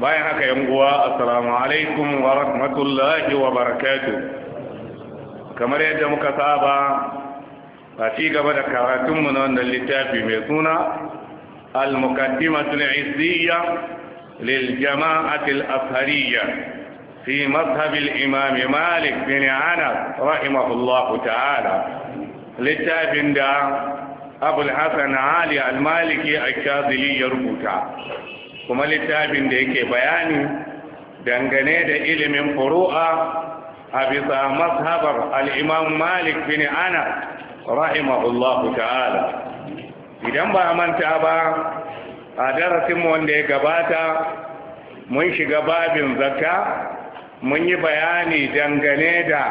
bayan haka yan uwa assalamu alaikum wa rahmatullahi wa barakatuh kamar yadda muka saba a ci gaba da karatunmu na wannan littafi mai suna al-muqaddimatul muqaddimatu izziyya lil jama'ati al afhariyya fi mazhab al-imam malik bin anas rahimahullahu ta'ala littafin da abul hasan ali al-maliki al-shadili ya rubuta kuma littafin da yake bayani dangane da ilimin furu'a a bisa mazhabar al'imam malik bin ana rahimahullahu ta'ala idan ba manta ba a darasinmu wanda ya gabata mun shiga babin zakka mun yi bayani dangane da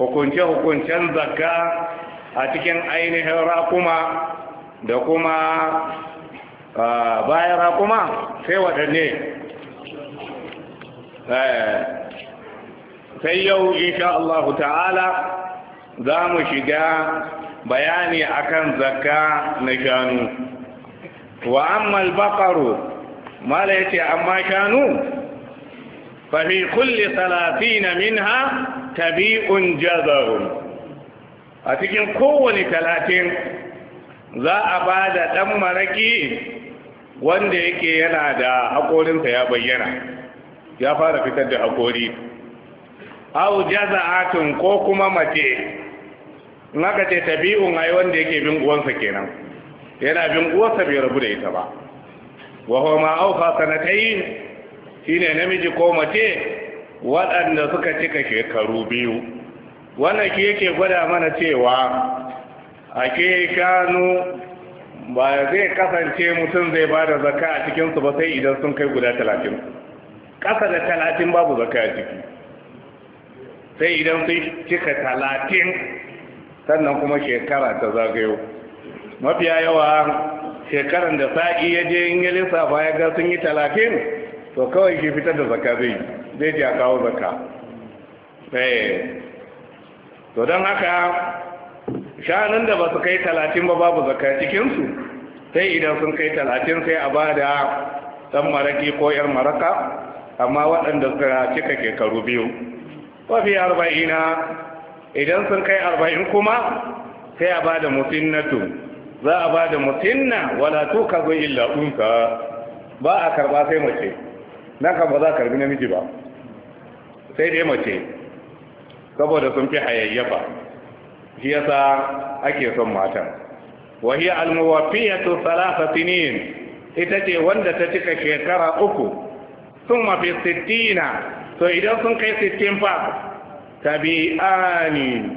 hukunce-hukuncen zakka a cikin ainihin rakuma da kuma bayan raƙuma sai waɗanne eh, sai yau insha Allah ta'ala za mu shiga bayani akan zakka na shanu wa ammal baqaru mala yace amma shanu fa kulle kulli minha tabi'un jazarun a cikin kowane talatin za a ba da ɗan maraki wanda yake yana da haƙorinsa ya bayyana ya fara fitar da haƙori au jaza'atun ko kuma mace naka ce tabi'un ai wanda yake bin uwansa kenan yana bin uwansa bai rabu da ita ba au huwa ma yi shi shine namiji ko mace waɗanda suka cika shekaru biyu wannan ki yake gwada mana cewa a ke shanu ba zai kasance mutum zai ba da zaka a cikinsu ba sai idan sun kai guda talatin ƙasa da talatin babu zaka a ciki sai idan sun cika talatin sannan kuma shekara ta zagayo mafiya yawa shekaran da sa'i ya je in ya lissafa ya ga sun yi talatin to kawai shi fitar da zaka zai zai ji a kawo zaka eh. to don haka sha'anin da ba su kai talatin ba babu zaka cikinsu sai idan sun kai talatin sai a ba da ɗan maraƙi ko ‘yar maraƙa, amma waɗanda suka cika shekaru biyu wafi arba'ina idan sun kai arba'in kuma sai a ba da musinnatu za a ba da musinna wala ka zo illa unka ba a karɓa sai mace na ka ba za a karbi namiji ba sai dai mace saboda sun fi hayayyafa shi yasa ake son matan wa hiya almuwafiyatu thalatha ita ce wanda ta cika shekara uku thumma mafi sittina to idan sun kai sittin fa tabi'ani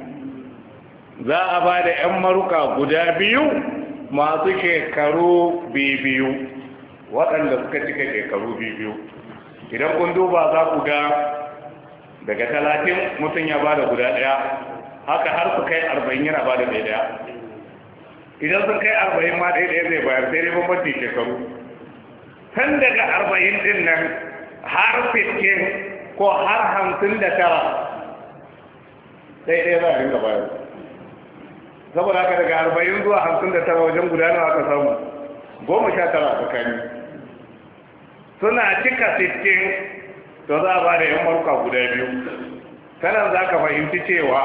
za a ba da 'yan maruka guda biyu masu shekaru biyu waɗanda suka cika shekaru biyu idan kun duba za ku ga daga talatin mutum ya ba da guda ɗaya haka har su kai arba'in yana ba da daidaya idan sun kai arba'in ma daidaya zai bayar sai dai bambanci shekaru tun daga arba'in din nan har fitkin ko har hamsin da tara daidaya za a gaba bayar saboda haka daga arba'in zuwa hamsin da tara wajen gudanar aka samu goma sha tara a tsakani suna cika fitkin to za a ba da yan maruka guda biyu sanar za ka fahimci cewa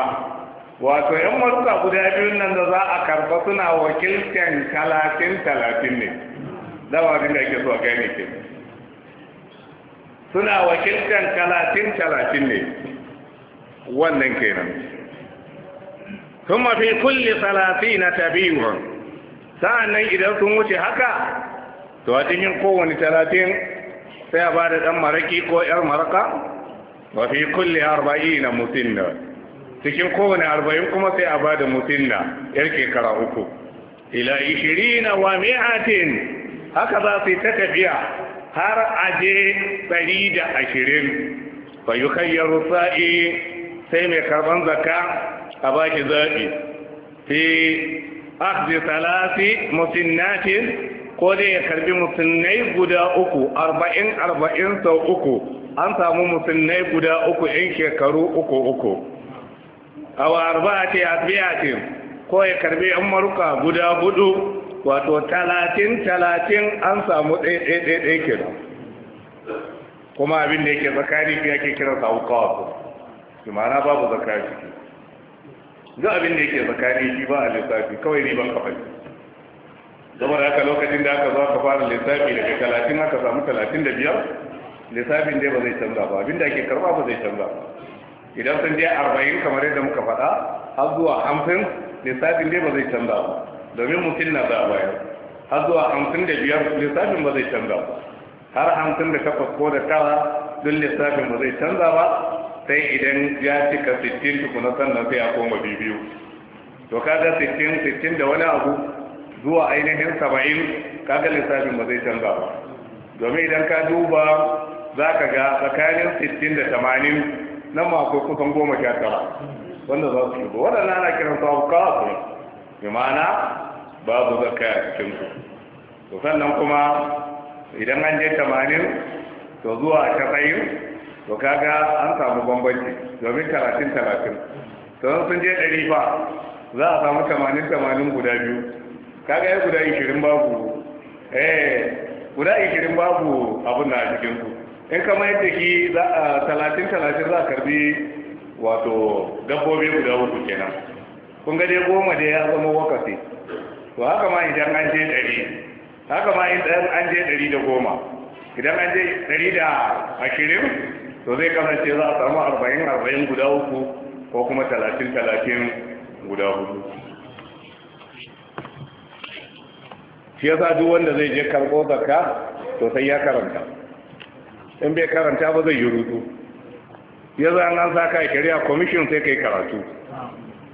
wato yan maruka guda biyun nan da za a karba suna wakiltan talatin talatin ne dama abin da ake so a gani ke suna wakiltan talatin talatin ne wannan kenan kuma fi kulli talatin na tabiwa nan idan sun wuce haka to a cikin kowane talatin sai a ba da ɗan maraki ko ‘yar maraka wa fi kulli na mutum da cikin kowane arba'in kuma sai a bada mutum na yar kekara uku ila na wa mi'atin haka za su yi ta tafiya har aje ɗari da ashirin bayu kayyaru sa'i sai mai karban zaka a baki zaɓi fi akhdi salasi musinnatin ko dai ya karbi musinnai guda uku arba'in arba'in sau uku an samu musinnai guda uku yan shekaru uku uku A aw a ce, ko ya karbi maruka guda hudu wato talatin talatin an samu ɗaya ɗaya ɗaya kuma abin da yake zakari ya ke kira sa hukawa su mana babu zakari duk abin da yake zakari shi ba a lissafi kawai ne ban kafai zama da haka lokacin da aka zo aka fara lissafi daga talatin aka samu talatin da biyar lissafin dai ba zai canza ba abin da ake karba ba zai canza ba idan sun je arba'in kamar yadda muka faɗa har zuwa hamsin lissafin dai ba zai canza ba domin mutum na za a bayar har zuwa hamsin da biyar lissafin ba zai canza ba har hamsin da takwas ko da tara duk lissafin ba zai canza ba sai idan ya cika sittin tukuna sannan sai ya koma biyu to kaga sittin sittin da wani abu zuwa ainihin saba'in kaga lissafin ba zai canza ba domin idan ka duba za ka ga tsakanin sittin da tamanin nan ma akwai kusan goma sha tara wanda za su shigo waɗanda ana kiran su alkafu bi ma'ana babu zakka a cikin su to sannan kuma idan an je tamanin to zuwa a tasa'in to kaga an samu bambanci domin talatin talatin to sun je ɗari fa za a samu tamanin tamanin guda biyu kaga ya guda ishirin babu eh guda ishirin babu abin da a cikin su in kama yadda shi talatin talatin za a karbi wato dabbobi guda uku kenan kun gade goma dai ya zama wakasi to haka ma idan an je ɗari haka ma idan an je ɗari da goma idan an je ɗari da ashirin to zai kasance za a samu arba'in arba'in guda uku ko kuma talatin talatin guda hudu shi yasa duk wanda zai je karɓo zakka to sai ya karanta in bai karanta ba zai yi rudu ya za an za ka shari'a kwamishin sai kai karatu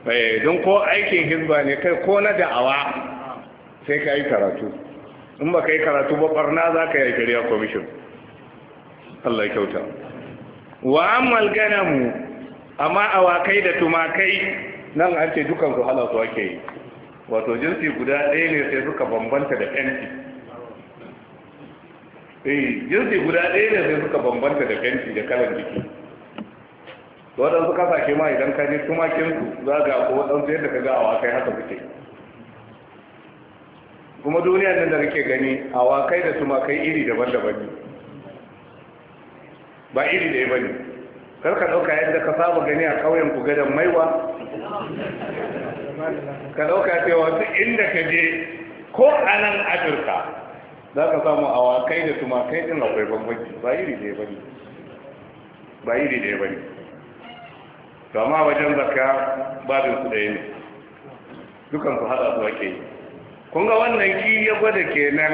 eh, don ko aikin hizba ne kai ko na da'awa sai ka yi karatu in ba ka yi karatu ba barna za ka yi shari'a kwamishin Allah kyauta wa malgana mu. amma awakai da tumakai nan an ce dukansu su ake yi wato jinsi guda ɗaya ne sai suka bambanta da 'yanci eh jirgi guda ɗaya ne sai suka bambanta da fenti da kalan jiki waɗansu kasashe ma idan ka je tumakinsu za ga ko waɗansu yadda ka ga awakai haka suke kuma duniya nan da kake gani awakai da tumakai iri daban-daban ne ba iri ɗaya ba ne kar ka ɗauka yadda ka saba gani a ƙauyen ku gadon maiwa ka ɗauka cewa duk inda ka je ko a nan afirka za ka samu awakai da tumakai din akwai bambanci ba iri da ya bari ba iri da ya bari kama wajen zaka babin su ɗaya ne dukan su haɗa su ake yi Kunga wannan ki ya gwada kenan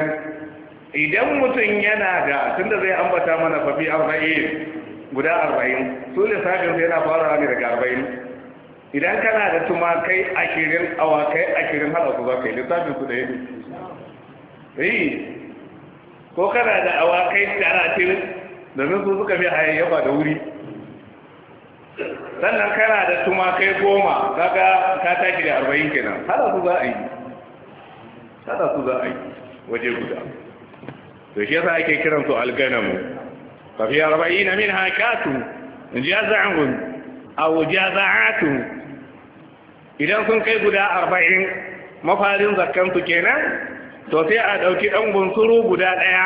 idan mutum yana da tunda zai ambata mana fafi arba'in guda arba'in su lissafin sai yana farawa ne daga arba'in idan kana da tumakai ashirin awakai ashirin hada su za ka yi lissafin su ɗaya ne ko kana da awakai talatin domin su suka fi hayayyafa da wuri sannan kana da tumakai goma daga ka tashi da arba'in kenan hada su za a yi hada su za a yi waje guda to shi yasa ake kiran su alganamu fa fi arba'ina minha katu jaza'un aw jaza'atu idan sun kai guda arba'in mafarin zakkan su kenan to sai a ɗauki ɗan bunsuru guda ɗaya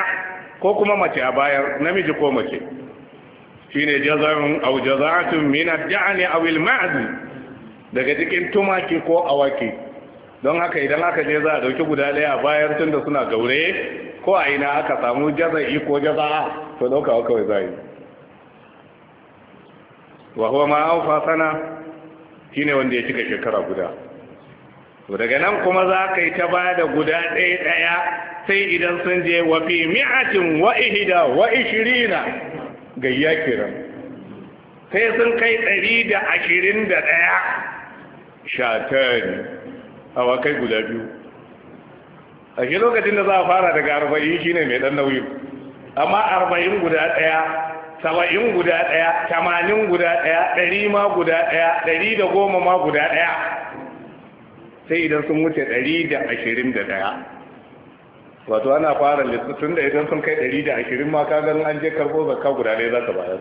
ko kuma mace a bayar namiji ko mace shine jazarun au jaza'atun min ja'ani a aw daga cikin tumaki ko awaki don haka idan aka je za a ɗauki guda ɗaya a bayar tunda suna gaure ko a ina aka samu jaza'i ko jaza'a to wa kawai zai wa huwa ma awfa sana shine wanda ya cika shekara guda to daga nan kuma za ka yi ta ba da guda ɗaya ɗaya sai idan sun je wa fi mi'atin wa ihida wa ishirina gayya kiran sai sun kai ɗari da ashirin da ɗaya shatari a kai guda biyu a shi lokacin da za a fara daga arba'in shine mai ɗan nauyi amma arba'in guda ɗaya saba'in guda ɗaya tamanin guda ɗaya ɗari ma guda ɗaya ɗari da goma ma guda ɗaya sai idan sun wuce ɗari da ashirin da ɗaya wato ana fara tun da idan sun kai ɗari da ashirin ma ka ganin an je karɓo zakka guda ɗaya za ka bayar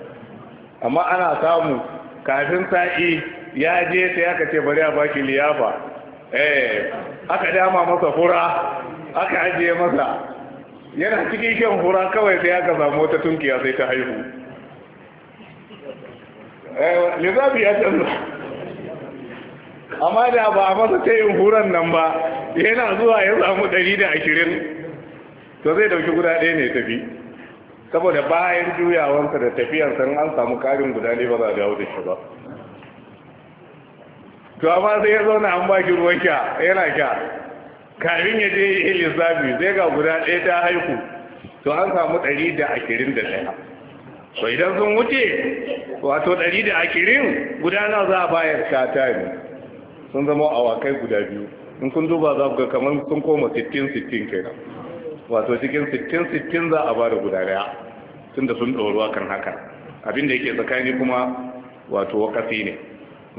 amma ana samu kafin sa'i ya je sai aka ce bari a baki liyafa eh aka dama masa fura aka ajiye masa yana cikin shan fura kawai sai aka samu wata tunkiya sai ta haihu lissafi eh, ya canza amma da ba a masa ta yin huran nan ba yana zuwa ya samu ɗari da ashirin to zai dauki guda ɗaya ne tafi saboda bayan juyawansa da tafiyansa an samu karin guda ne ba za a dawo da shi ba to amma sai ya zauna an ba shi ruwan sha yana sha kafin ya je yi lissafi sai ga guda ɗaya ta haiku to an samu ɗari da ashirin da ɗaya to idan sun wuce wato ɗari da ashirin guda na za a bayar shata ne sun zama awakai guda biyu in kun duba za ku ga kamar sun koma 60-60 kenan wato cikin 60-60 za a ba da guda daya tun da sun ɗoruwa kan haka Abinda da yake tsakani kuma wato wakafi ne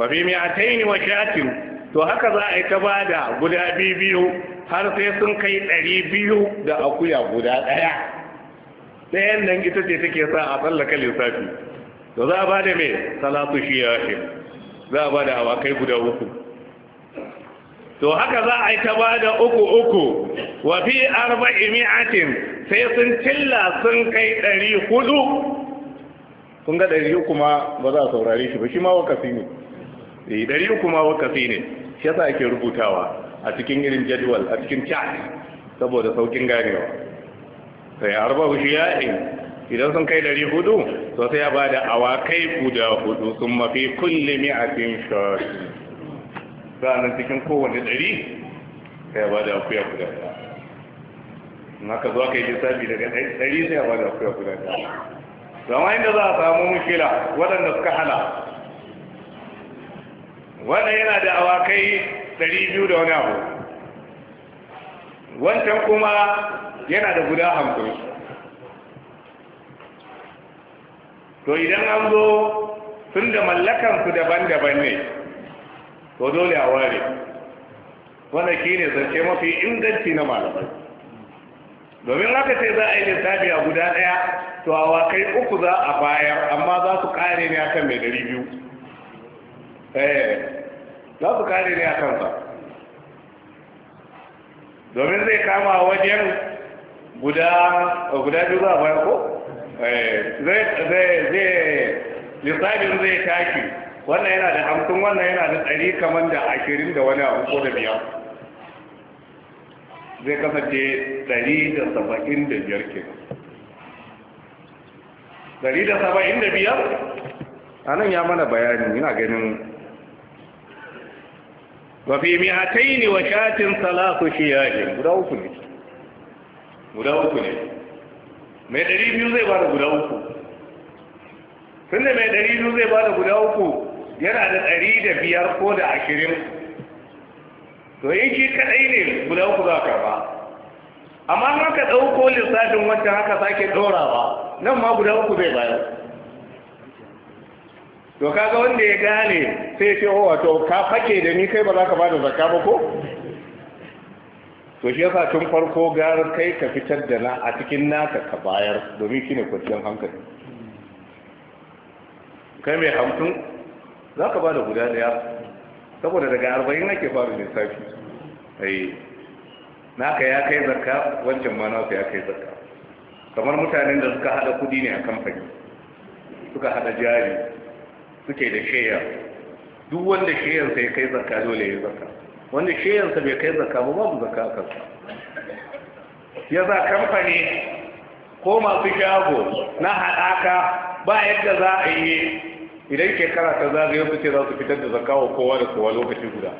ba fi yi ataini wa shatin to haka za a yi ta ba da guda biyu har sai sun kai ɗari biyu da akuya guda ɗaya ɗayan nan ita ce take sa a tsallaka lissafi to za a ba da mai salatu shi ya za a ba da awakai guda uku to haka za a yi ta ba da uku uku wa fi arba'i mi'atin sai sun cilla sun kai ɗari hudu Sun ga ɗari uku ma ba za a saurari shi ba shi ma wakafi ne eh, ɗari uku ma wakafi ne shi yasa ake rubutawa a cikin irin jadwal a cikin chat saboda saukin ganewa sai arba'u shiya'in idan sun kai ɗari hudu to sai ya ba da awakai guda hudu sun mafi kulle mi'atin shari'a sa'annan cikin kowane ɗari ka ba da akuya guda ɗaya na ka zuwa ka yi lissafi daga ɗari sai ba da akuya guda ɗaya zama inda za a samu mushkila waɗanda suka hana wanda yana da awakai ɗari biyu da wani abu wancan kuma yana da guda hamsin to idan an zo tun da mallakansu daban-daban ne to dole a ware wannan ne zance mafi inganci na malamai domin haka sai za a yi lissafi a guda ɗaya to a kai uku za a bayar amma za su kare ne akan mai dari biyu eh, za su kare ne akan kansa domin zai kama wajen guda guda biyu za a bayar ko eh, zai lissafin zai tashi wannan yana da hamsin wannan yana da tsari kamar da ashirin da wani abu ko da biyar zai kasance tsari da saba'in da biyar ke tsari da saba'in da biyar a nan ya mana bayani yana ganin wafi mihatai ne wa shatin salatu shi yaƙin guda uku ne guda uku ne mai ɗari biyu zai ba da guda uku tun da mai ɗari biyu zai ba da guda uku yana da ɗari da biyar ko da ashirin to yin ki kaɗai ne guda uku za ka ba amma haka ɗauko lissafin wancan haka sake ba, nan ma guda uku zai bayar to kaga wanda ya gane sai ya ce o oh, wato ka fake da ni kai ba za ka ba da zakka ba ko to shi yasa tun farko gara kai ka fitar da na a cikin naka ka bayar domin shine kwanciyar hankali kai mai hamsin za ka ba da guda daya saboda daga arba'in ake A lissafi ai naka ya kai zarka wancan ma naka ya kai zarka kamar mutanen da suka hada kudi ne a kamfani suka hada jari suke da sheya duk wanda sheyarsa ya kai zarka dole ya zarka wanda sheyarsa bai kai zarka ba babu zarka a kansa ya za kamfani ko masu shago na haɗaka ba yadda za a yi idan shekara ta zagaye su ce za su fitar da zakawa kowa da kowa lokaci guda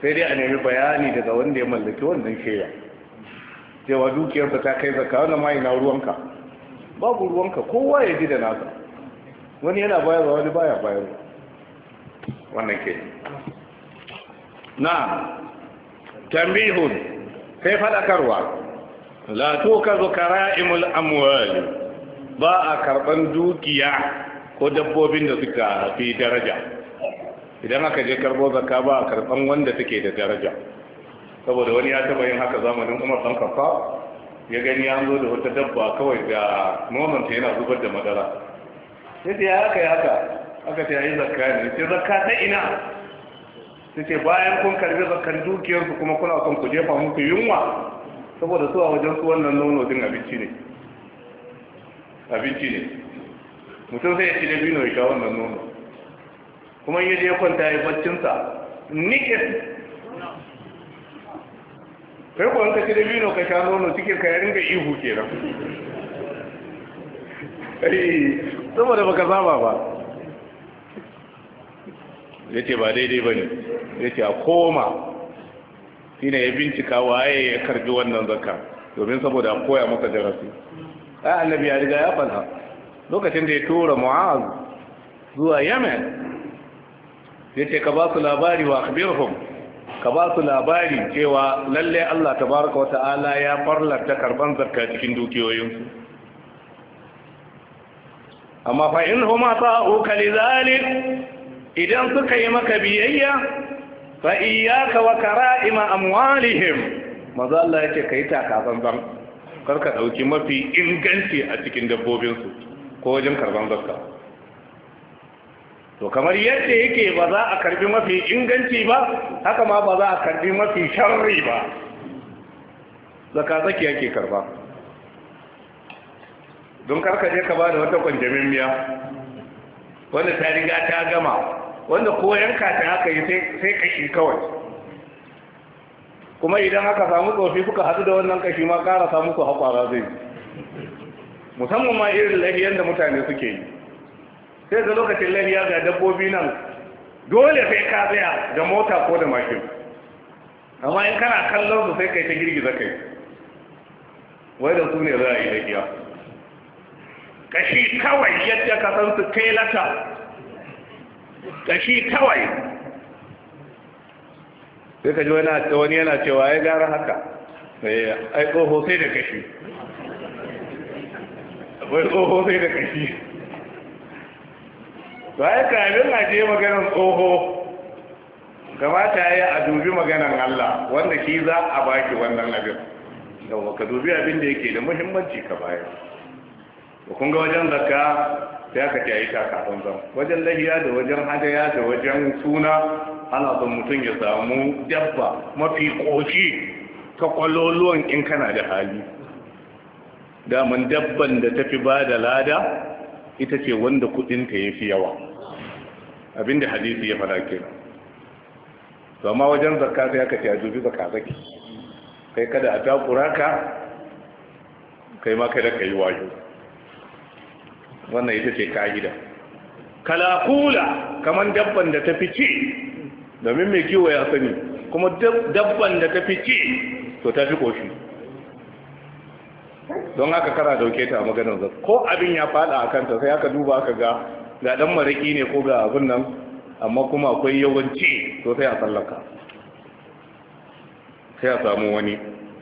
sai dai a nemi bayani daga wanda ya mallaki wannan shaida cewa dukiyarsa ta kai zakka wannan ma ina ruwanka babu ruwanka kowa ya ji da nasa wani yana bayarwa wani baya bayar. wannan ke na tambihun sai fadakarwa la tukazu kara'imul amwali ba a karban dukiya ko dabbobin da suka fi daraja idan aka je karbo zakka ba a karban wanda take da daraja saboda wani ya taba yin haka zamanin Umar dan kafa ya gani ya zo da wata dabba kawai da nononta yana zubar da madara sai ya haka ya haka aka ta yi zakka ne sai zakka ta ina sai ce bayan kun karbi zakkan dukiyarsu kuma kuna son ku jefa muku yunwa saboda su a wajen su wannan nono din abinci ne abinci ne mutum sai ya ci dabino ya sha wannan nono kuma yaje ya kwanta ya baccinsa nikin kai kuwa ka ci dabino ka sha nono cikin ka ya ringa ihu kenan saboda baka zama ba ya ce ba daidai ba ne ya ce a koma ne ya bincika waye ya karbi wannan zakka domin saboda koya masa darasi ai annabi ya riga ya falha. lokacin da ya tura mu'az zuwa yemen ya ce ka ba su labari wa akhbirhum ka ba su labari cewa lalle Allah tabaraka wa ta'ala ya farlanta karban zakka cikin dukiyoyinsu amma fa in huma ta'uka lidhalik idan suka yi maka biyayya fa iyyaka wa kara'ima amwalihim maza Allah yake kai taka zanzan kar ka ɗauki mafi inganci a cikin dabbobinsu ko wajen karban zakka to kamar yadda yake ba za a karbi mafi inganci ba haka ma ba za a karbi mafi sharri ba zakka zaki yake karba don karka je ka ba da wata kwanjamin miya wanda ta riga ta gama wanda ko yanka ta haka yi sai kashi kawai kuma idan aka samu tsofi kuka haɗu da wannan kashi ma ƙara samu ku haƙwara zai musamman ma irin lahiyar da mutane suke yi sai ga lokacin lahiya ga dabbobi nan dole sai ka tsaya da mota ko da mashin amma in kana kallon su sai kai ta girgiza kai wai da su ne za a yi lahiya kashi kawai yadda ka san su kai lata kashi kawai sai ka ji wani yana cewa ya gara haka ai tsoho sai da kashi Akwai tsoho sai da kashi to ai kamin a je maganar tsoho kamata ya yi a dubi maganar Allah wanda shi za a baki wannan abin yawon ka dubi abin da yake da muhimmanci ka bayar kun ga wajen zakka sai aka ta yi ta kafin zan wajen lahiya da wajen hadaya da wajen suna ana son mutum ya samu dabba mafi ƙoshi ta kwaloluwan in kana da hali damun dabban da tafi ba da lada ita ce wanda kudinta ya fi yawa abinda hadisi ya fara ke. zama wajen zarka sai aka ce a dubi zakka zaki kai kada a takura ka kai ma kada ka yi wayo wannan ita ce ka'ida kalakula kamar dabban da tafi ce domin mai kiwo ya sani kuma dabban da ta fi ci to ta fi koshi don haka kana dauke ta a maganar zai ko abin ya fada a kanta sai aka duba aka ga ga dan mariki ne ko ga abin nan amma kuma akwai yawanci to sai a tsallaka sai a samu wani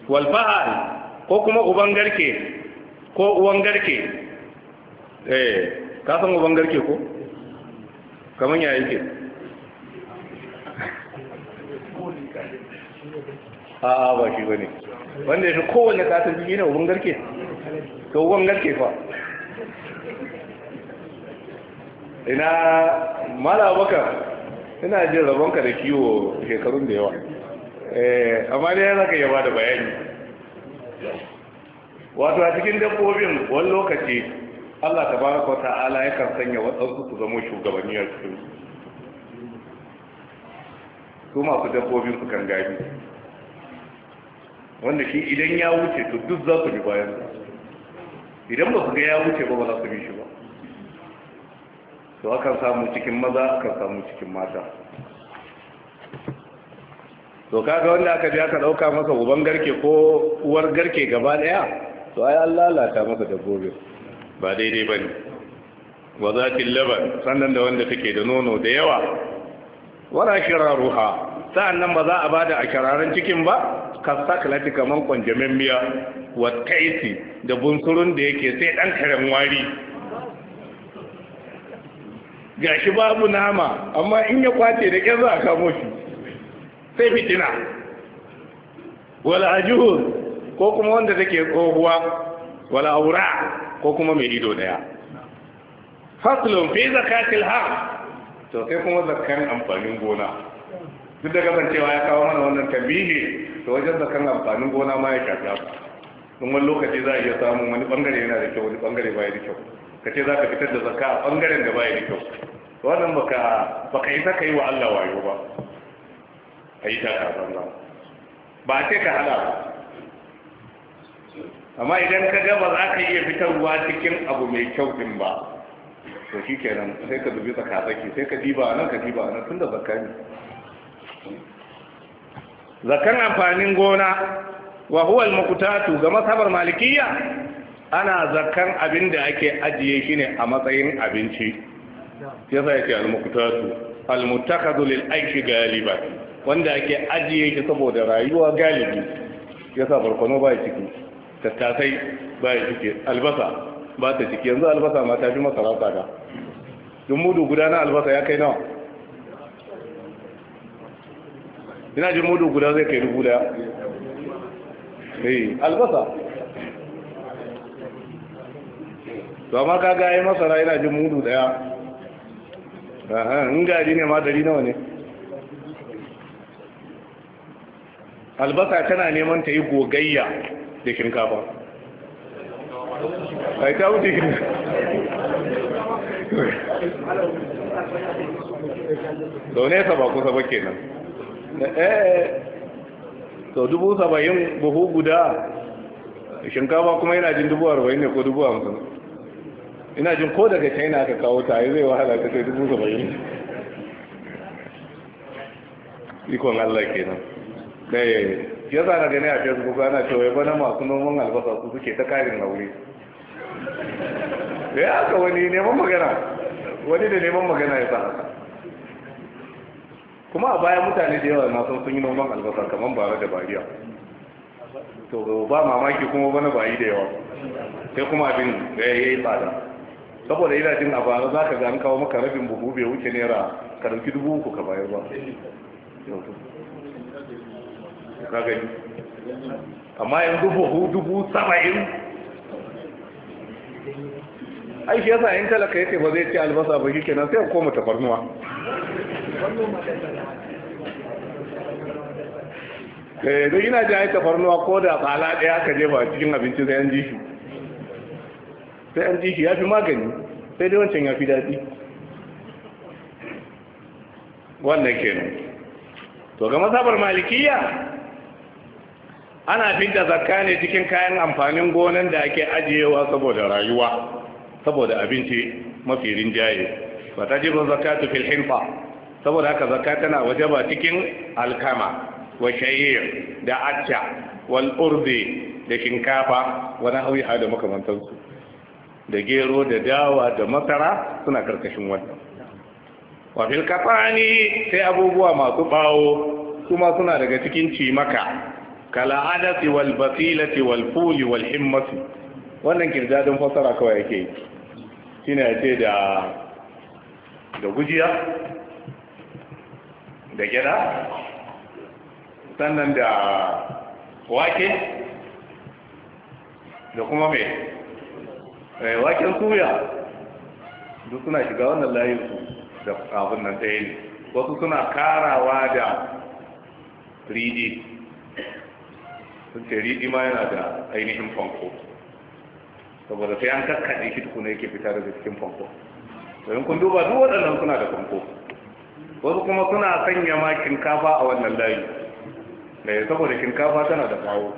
walfahar ko kuma uban garke ko uwan garke eh ka san uban garke ko kamar yayin ke. a ba shi bane wanda ya shi kowanne katon jini ne uban garke ga uban garke fa ina mala ina jin rabonka da kiwo shekarun da yawa eh, amma dai za ka yi ba da bayani wato a cikin dabbobin wani lokaci allah ta baraka ta'ala kan sanya waɗansu su zama shugabanni a su masu dabbobin su kan gaji. wanda shi idan ya wuce to duk za su bi bayan idan ba su ga ya wuce ba ba za su bi shi ba to akan samu cikin maza akan samu cikin mata to kaga wanda aka je aka dauka masa uban garke ko uwar garke gaba daya to ai an lalata masa dabbobin ba daidai bane wa zatil laban sannan da wanda take da nono da yawa wala kiraruha sa'annan ba za a bada a kiraran cikin ba kasakalati kamar kwanjamin miya wa taisi da bunsurun da yake sai dan karen wari gashi babu nama amma in ya kwace da ƙyar za a kamo shi sai fitina wala ajuhur ko kuma wanda take tsohuwa wala aura ko kuma mai ido daya faslun fi zakatil haq to sai kuma zakkan amfanin gona duk da kasancewa ya kawo mana wannan tabihi to wajen zakkan amfanin gona ma ya shafi In wani lokaci za a iya samun wani bangare yana da kyau wani bangare baya da kyau ka ce za ka fitar da zakka a bangaren da baya da kyau wannan baka baka yi ka yi wa Allah wayo ba a yi ta kafin ba ba a ce ka hada ba amma idan ka gaba za ka iya fitarwa cikin abu mai kyau din ba to shi kenan sai ka dubi tsakatsaki sai ka diba nan ka diba nan tun da zakka ne zakkan amfanin gona wa huwa al-muqtatu ga masabar malikiyya ana zakkan abin da ake ajiye shi ne a matsayin abinci yasa yake al-muqtatu al-muttakhadhu lil aishi galiba wanda ake ajiye shi saboda rayuwa galibi yasa barkono ba ciki tattasai ba ciki albasa ba ta ciki yanzu albasa ma ta fi masara tsada duk mudu guda na albasa ya kai nawa ina jin mudu guda zai kai dubu daya eh albasa to amma ga yi masara ina jin mudu daya aha in gari ne ma dari nawa ne albasa tana neman ta yi gogayya da shinkafa ai ta wuce gida sau nesa ba kusa ba kenan eh sau dubu saba'in buhu guda shinkafa kuma yana jin dubu arba'in ne ko dubu hamsin ina jin ko daga china aka kawo ta yi zai wahala ta kai dubu saba'in ikon allah kenan da eh, ya na gani a facebook ana cewa ya bana masu noman albasa su suke ta karin aure ya eh, haka wani neman magana wani da neman magana ya sa haka kuma a baya mutane da yawa na san sun yi noman albasa kamar bara da bariya to ba mamaki kuma bana bayi da yawa sai kuma abin ya yi tsada saboda ina jin a bara za ka ga an kawo maka rabin buhu bai wuce naira ka dubu uku ka bayar ba ka amma yanzu buhu dubu saba'in ai shi yasa in talaka yace ba zai ci albasa ba shi kenan sai koma tafarnuwa eh da ina ji ai tafarnuwa ko da tsala daya ka je ba cikin abinci sai an ji shi sai an ji shi ya fi magani sai dai wancan ya fi daɗi wannan kenan to ga masabar malikiya ana fidda zakka ne cikin kayan amfanin gonan da ake ajiyewa saboda rayuwa saboda abinci mafi rinjaye wa zakka ta fil hinfa saboda haka zakka tana waje ba cikin alkama wa shayir da acca wal urdi da shinkafa wani hauyi da makamantansu da gero da dawa da masara suna karkashin wannan wa kafani sai abubuwa masu ɓawo kuma suna daga cikin cimaka kal'adati wal basilati wal fuli wal himmati wannan kirjadin fasara kawai yake shine yace da da gujiya da gyada sannan da wake da kuma mai eh, waken suya duk suna shiga wannan layin su da abin nan ɗaya ne wasu suna karawa da ridi sun ce riɗi ma yana da ainihin fanko saboda sai an kakkaɗe shi tukuna yake fita daga cikin fanko domin kun duba duk waɗannan suna da fanko wasu kuma suna sanya ma shinkafa a wannan layi da eh, saboda shinkafa tana da kawo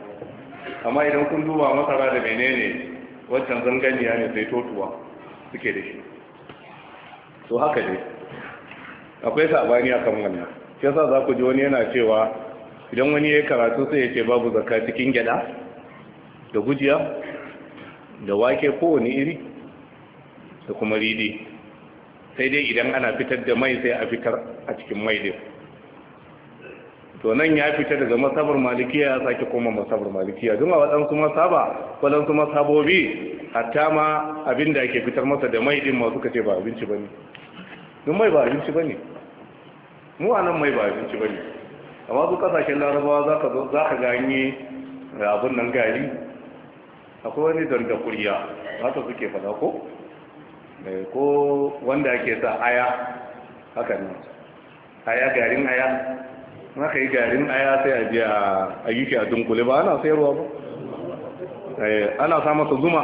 amma idan kun duba masara da menene wancan zanganiya ne sai totuwa suke da shi to haka dai akwai sabani akan wannan shi yasa za ku ji wani yana cewa idan wani ya karatu sai ya ce babu zakka cikin gyada da gujiya da wake kowane iri da kuma ridi sai dai idan ana fitar da mai sai a fitar a cikin mai din to nan ya fita daga masabar malikiya ya sake koma masabar malikiya zuma waɗansu masaba waɗansu masabobi hatta ma abin da ake fitar masa da mai din ma suka ce ba abinci ba ne mai ba abinci ba ne mu a nan mai ba abinci ba ne a wasu kasashen larabawa za ka zo za ka ganye eh, abin nan gari akwai wani danda kuriya haka suke fada ko eh, ko wanda ake sa aya haka ne aya garin aya ka yi garin aya sai a biya a yi shi a dunkule ba ana sayarwa ba eh, ana sa masa zuma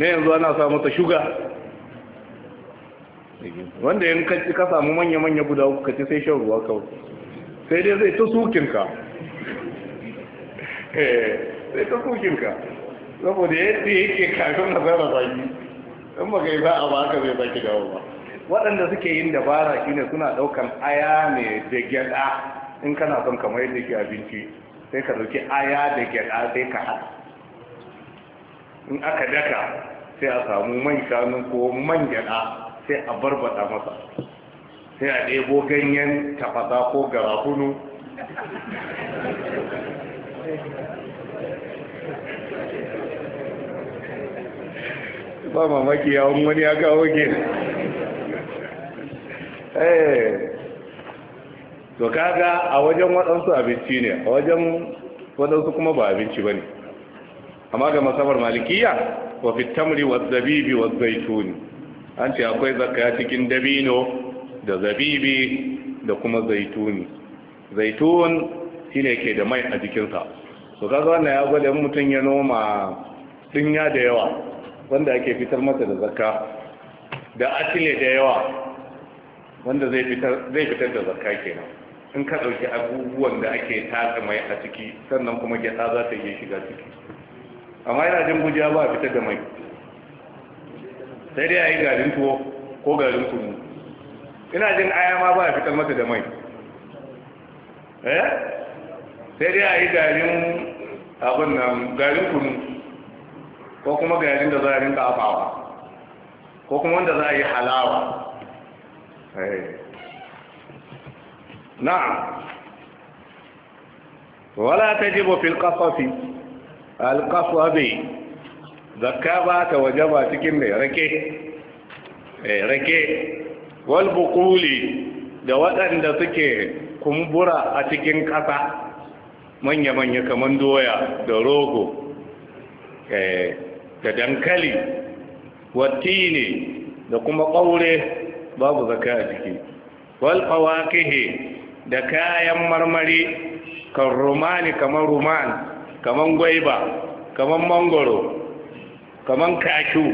ne yanzu ana sa masa shuga wanda yin kasa mu manya-manya guda ka ci sai shan ruwa kawai sai dai zai ta sukinka sai eh, ta sukinka saboda yadda yake kafin na zara baki in ba kai za a ba ka zai baki dawo ba waɗanda suke yin dabara shi ne suna ɗaukan aya ne da gyaɗa in kana son kamar yadda ke abinci sai ka ɗauki aya da gyaɗa sai ka haɗa in aka daka sai a samu man shanu ko man gyaɗa sai a barbata masa sai a ɗebo ganyen tafasa ko hunu ba mamaki yawon wani ya kawo ke eh. to kaga a wajen waɗansu abinci ne a wajen waɗansu kuma ba abinci ba ne amma ga masabar malikiya wa fitamri wa zabibi wa zaituni an ce akwai zakaya cikin dabino da zabibi da kuma zaituni zaitun shi ne ke da mai a jikinsa su kaga wannan ya gwada mutum ya noma sunya da yawa wanda ake fitar mata da zakka da atile da yawa wanda zai fitar da zakka kenan in ka ɗauki abubuwan da ake tasa mai a ciki sannan kuma gyatsa za ta iya shiga ciki amma yana jin gujiya ba a fitar da mai sai dai a yi garin tuwo ko garin kunu ina jin aya ma ba a fitar mata da mai eh sai dai a yi garin abin nan garin kunu ko kuma garin da za a rinka afawa ko kuma wanda za a yi halawa eh. na'am wala ta jibo fil kafafi alkafafi zakka ba ta wajaba cikin mai rake eh, rake wal da waɗanda suke kumbura a cikin ƙasa manya-manya kamar doya da rogo eh, da dankali watini da kuma ƙaure babu zaka a jiki wal fawakihi da kayan marmari kan rumani kamar ruman kamar gwaiba kamar mangoro kamar kashu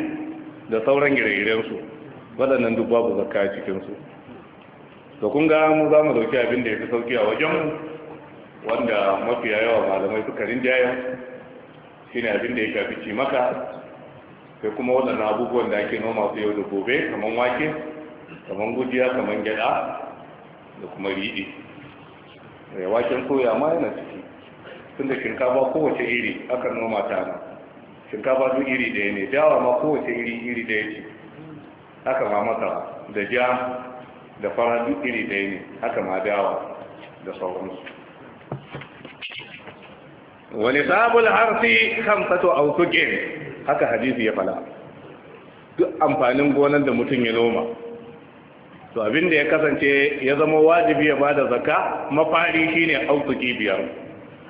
da sauran gire-girensu waɗannan duk babu zakka a cikinsu to kun ga mu za mu dauki abin da ya fi sauki a wajen wanda mafiya yawa malamai suka rinjaya shine abin da ya ci maka? sai kuma waɗannan abubuwan da ake noma su yau da gobe kamar wake kamar gujiya kamar gyada da kuma riɗi mai eh, waken soya ma yana ciki tun da shinkafa kowace iri aka noma ta shinkafa duk iri ɗaya ne dawa ma kowace iri iri ɗaya ce haka ma masara da ja da fara duk iri ɗaya ne haka ma dawa da sauransu wani sabon harfi kan fato autogen haka hadisi ya fala duk amfanin gonan da mutum ya noma to abin da ya kasance ya zama wajibi ya bada zakka mafari shine autuki biyar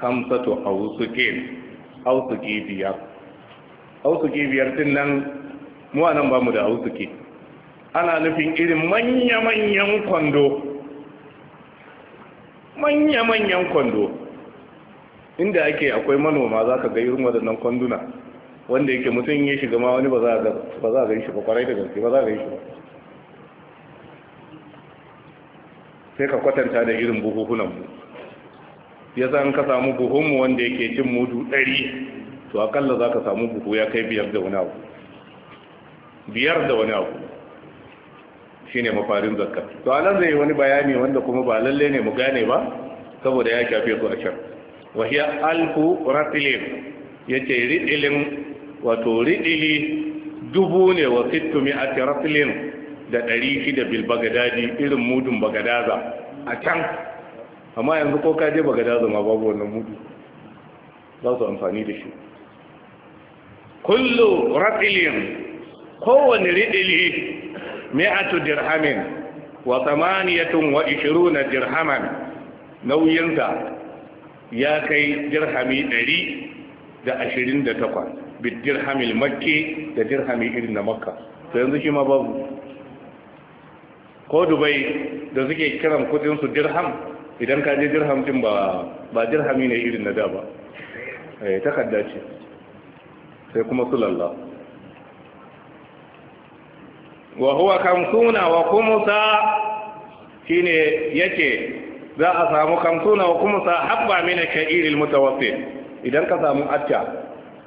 hamsatu autukin autuki biyar autuki biyar din nan mu anan bamu da autuki ana nufin irin manya-manyan kwando manya-manyan kwando inda ake akwai manoma za ka ga irin waɗannan kwanduna wanda yake mutum ya shiga ma wani ba za a gan shi ba kwarai da gaske ba za a gan shi ba sai ka kwatanta da irin mu ya san ka samu buhunmu wanda yake cin mudu ɗari to akalla za ka samu buhu ya kai biyar da wani abu biyar da wani abu shine mafarin zakka to anan zai wani bayani wanda kuma ba lalle ne mu gane ba saboda ya shafe ku a can wa hiya alfu ratilin yace ridilin wato ridili dubu ne wa sittu mi'ati ratilin da ɗari shida bil bagadadi irin mudun bagadaza a can amma yanzu ko ka je bagadaza ma babu wannan mudu za su amfani da shi kullu ratilin kowane ridili mi'atu dirhamin wa samaniyatun wa ishiruna dirhaman nauyinsa ya kai dirhami ɗari da ashirin da takwas bid dirhamil makki da dirhami irin na makka to yanzu shi ma babu ko dubai da suke kiran kudinsu dirham idan ka je dirham din ba ba dirhami ne irin na da ba eh ce sai kuma sulallah wa huwa kamsuna wa kumusa shine yake za a samu kamsuna wa kumusa habba min ash-sha'ir idan ka samu atta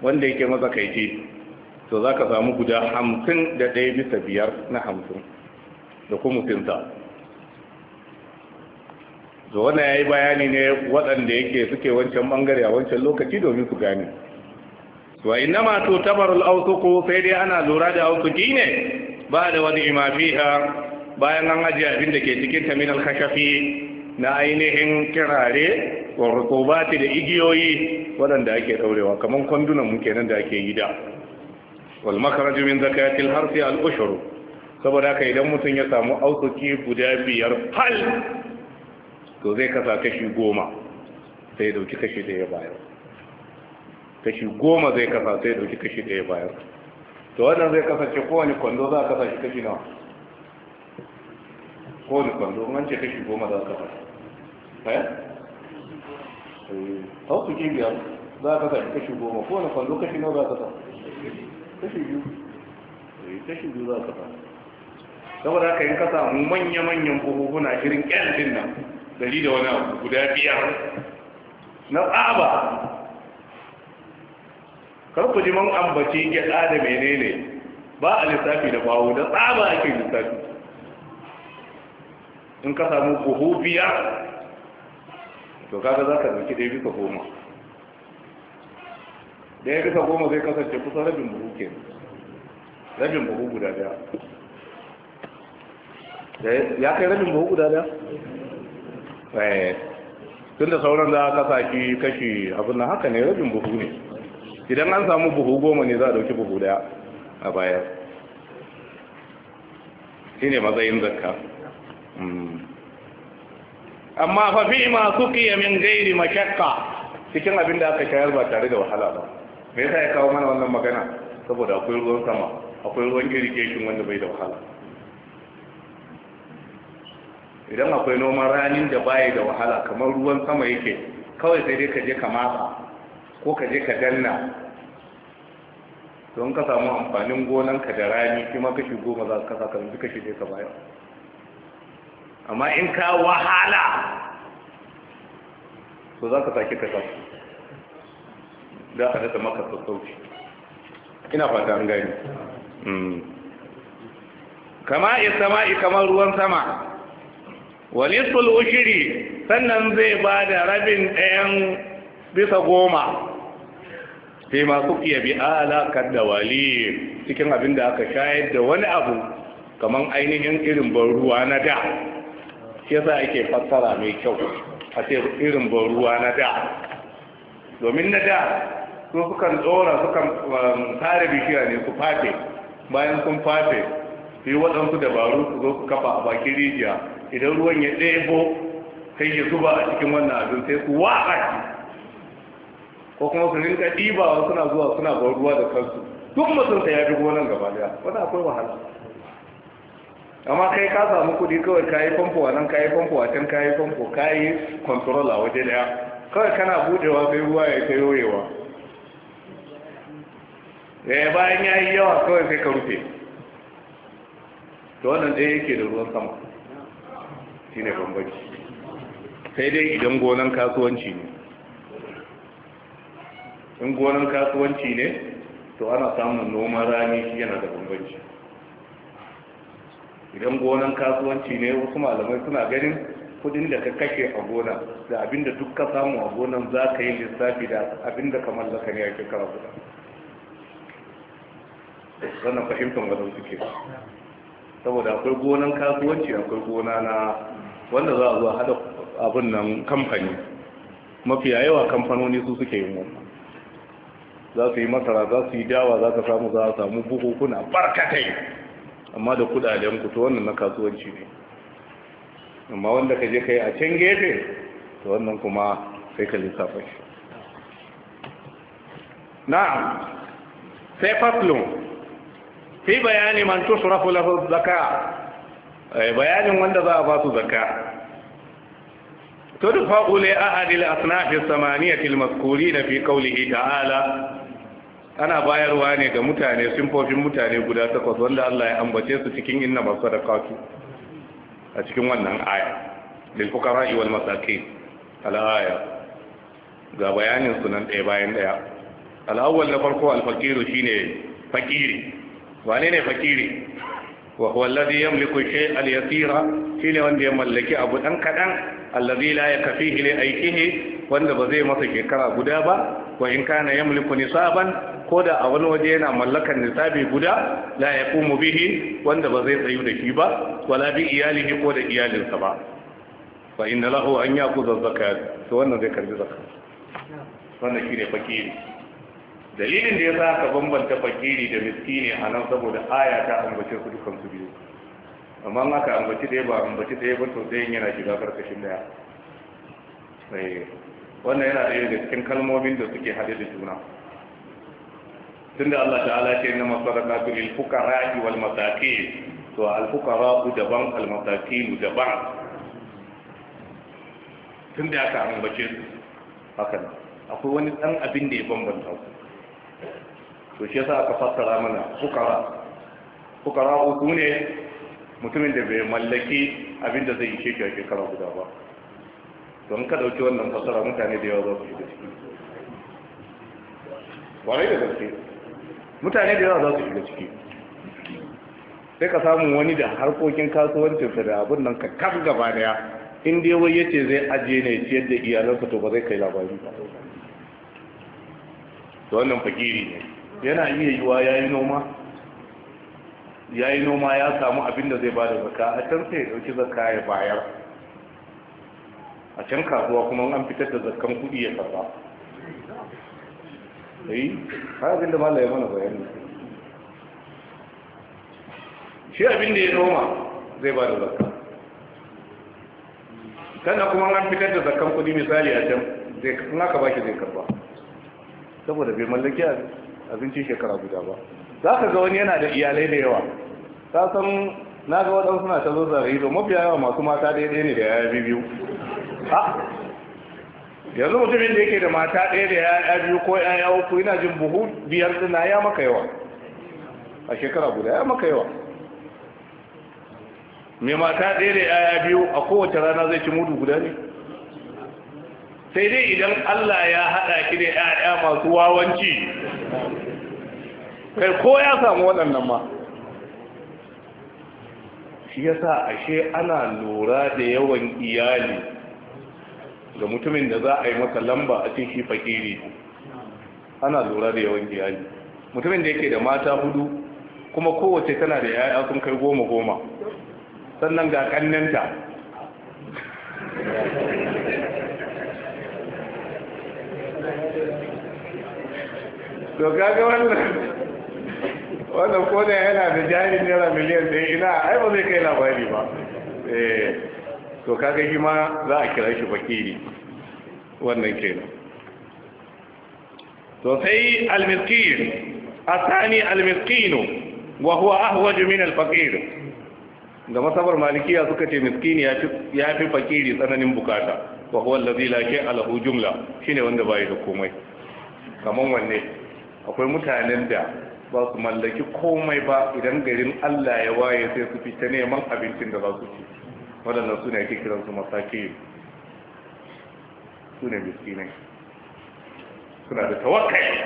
wanda yake kaici to zaka samu guda da ɗaya bisa biyar na 50 da kumusinsa to ya yayi bayani ne waɗanda yake suke wancan bangare a wancan lokaci domin su gane wa innama tutabaru al-awsuqu sai dai ana lura da awsuqi ne ba da wani imafiha bayan an ajiye abin da ke cikin taminal min na ainihin kirare wa rukubati da igiyoyi waɗanda ake ɗaurewa kamar kwandunan mu kenan da ake yi da wal makaraju min zakatil harfi al ushur saboda haka idan mutum ya samu aukuki guda biyar fal to zai kasa kashi goma sai dauki kashi ɗaya bayar kashi goma zai kasa sai dauki kashi ɗaya bayar to wannan zai kasance kowane kwando za a kasa shi kashi nawa kowane kwando man ce kashi goma za a kasa eh? eh hau su ke biyar za a kasa shi kashi goma kowane kwando kashi nawa za a kasa kashi biyu eh, kashi biyu za a kasa saboda haka yin kasa manya-manyan buhuhuna irin ƙyan din nan dari da wani abu guda biyar na tsaba kar ku ji mun ambaci gyaɗa da menene ba a lissafi da bawo da tsaba ake lissafi in ka samu buhu biya to kaga za ka ɗauki dai bisa goma Dai bisa goma zai kasance kusa rabin buhu ke rabin buhu guda ɗaya eh, ya kai rabin buhu guda ɗaya eh. tun da sauran za a kasa ki kashi abin na haka ne rabin buhu ne idan an samu buhu goma ne za a dauki buhu daya a baya shi ne matsayin zakka hmm. amma fafi masu kiyamin gairi min cikin abin da aka shayar ba tare da wahala ba me yasa ya kawo mana wannan magana saboda akwai ruwan sama akwai ruwan irrigation wanda bai da wahala idan akwai noman ranin da bai da wahala kamar ruwan sama yake kawai sai dai ka je ka ko ka je ka danna don ka samu amfanin ka da rani shi ma kashi goma za ka saka yanzu kashi ne ka bayar amma in ka wahala to za ka sake ka sake za a daga maka sassauci ina fata an gani mm. kama sama'i kamar ruwan sama walisul ushiri sannan zai ba da rabin ɗayan bisa goma sai ma iya bi ala wali cikin abin da aka shayar da wani abu kamar ainihin irin ban ruwa na da shi yasa ake fassara mai kyau a ce irin ban ruwa na da domin na da su sukan tsora sukan um, tare bishiya ne su fafe bayan sun fafe su yi waɗansu dabaru su zo su kafa a bakin rijiya idan ruwan ya ɗebo sai ya zuba a cikin wannan abin sai su waƙa ko kuma su rinka ɗibawa suna zuwa suna bar ruwa da kansu duk mutum ya bi gonan gaba daya wani akwai wahala amma kai ka samu kuɗi kawai ka yi famfo a nan ka yi famfo a can ka yi famfo ka yi control a waje daya kawai kana buɗewa sai ruwa ya ta yoyewa eh bayan ya yi yawa kawai sai ka rufe to wannan ɗaya yake da ruwan sama shine bambanci sai dai idan gonan kasuwanci ne in gonan kasuwanci ne to ana samun noman rani shi yana da bambanci idan gonan kasuwanci ne wasu malamai suna ganin kudin da ka kashe a gona da abinda duk ka samu a gonan za ka yi lissafi da abinda ka mallaka ne a shekara guda wannan fahimtar wadda suke saboda akwai gonan kasuwanci akwai gona na wanda za a zuwa hada abin nan kamfani mafiya yawa kamfanoni su suke yin wannan za su yi masara za su yi dawa za ka samu za a samu buhukuna barkatai amma da kudaden ku to wannan na kasuwanci ne amma wanda ka je ka yi a can gefe to wannan kuma sai ka lissafa shi na'am sai faslun fi bayani man tusrafu lahu zakka eh, bayanin wanda za a ba su zakka تدفع لأحد الأصناف الثمانية المذكورين في قوله تعالى ana bayarwa ne ga mutane simfofin mutane guda takwas wanda Allah ya ambace su cikin inna masadaqatu a cikin wannan aya lil fuqara'i wal masakin Al'a aya ga bayanin sunan ɗaya bayan ɗaya al awwal na farko al faqiru shine fakiri wane ne fakiri wa huwa alladhi yamliku shay'a al yasira shine wanda ya mallaki abu dan kadan alladhi la yakfihi li aykihi wanda ba zai masa shekara guda ba wa in kana yamliku nisaban ko da a wani waje yana mallakan nisabi guda la ya kumu bihi wanda ba zai tsayu da shi ba wala bi iyalihi ko da iyalinsa ba fa inna lahu an yakuza zakat to wannan zai karbi zakat wannan shine fakiri dalilin da ya sa ka bambanta fakiri da miskini a nan saboda aya ta ambace su dukan su biyu amma an aka ambaci ɗaya ba ambaci ɗaya ba to ɗayan yana shiga karkashin daya eh, wannan yana da cikin kalmomin da suke haɗe da juna tunda Allah ta'ala ce na masarakatu lil fuqara wal masakin to al fuqara daban al masakin daban tunda aka ambace su haka ne akwai wani dan abin da ya bambanta ku to shi yasa aka fassara mana fuqara fuqara su ne mutumin da bai mallaki abin da zai yi shekara guda ba don ka dauki wannan fassara mutane da yawa za su yi da ciki ƙwarai da gaske mutane da yawa za su shiga ciki sai ka samu wani da harkokin kasuwancinsa da abin nan ka kan gaba daya in dai wai yace zai ajiye ne ciyar da iyalansa to ba zai kai labari ba to wannan fakiri ne yana iya yiwa yayi noma yayi noma ya samu abin da zai ba da zaka a can sai ya dauki zaka ya bayar a can kasuwa kuma an fitar da zakkan kuɗi ya karba yi eh, abin da malaye mana bayani shi abin da ya noma zai ba da zakka sannan kuma an fitar da zakkan kudi misali a can zai naka ba shi zai karba saboda bai mallaki abincin shekara guda ba za ka ga wani yana da iyalai da yawa ta san na ga waɗansu na ta zo zarayi domin mafiya yawa masu mata daidai ne da yaya biyu ah, yanzu mutumin da yake da mata ɗaya da ya'ya biyu ko ya'ya uku yana jin buhu biyar dina ya maka yawa a shekara guda ya maka yawa mai mata ɗaya da ya'ya biyu a kowace rana zai ci mudu guda ne sai dai idan Allah ya haɗa ki da ya'ya masu wawanci kai ko ya samu waɗannan ma shi yasa ashe ana lura da yawan iyali ga mutumin da za a yi masa lamba a cikin fakiri ana lura da yawan iyali mutumin da yake da mata hudu kuma kowace tana da yaya sun kai goma goma sannan ga kannanta to kaga wannan wannan ko yana da jahilin naira miliyan ɗaya ina a ba zai kai labari ba eh to kaga shi ma za a kira shi fakiri wannan kenan to sai almiskin asani almiskinu wa huwa ahwaju min alfaqir da masabar malikiya suka ce miskini ya fi fakiri tsananin bukata wa huwa allazi la lahu jumla shine wanda bai da komai kaman wanne akwai mutanen da ba su mallaki komai ba idan garin Allah ya waye sai su fita neman abincin da za su ci waɗannan su ne ake kiransu masaki su ne miskinai suna da tawakali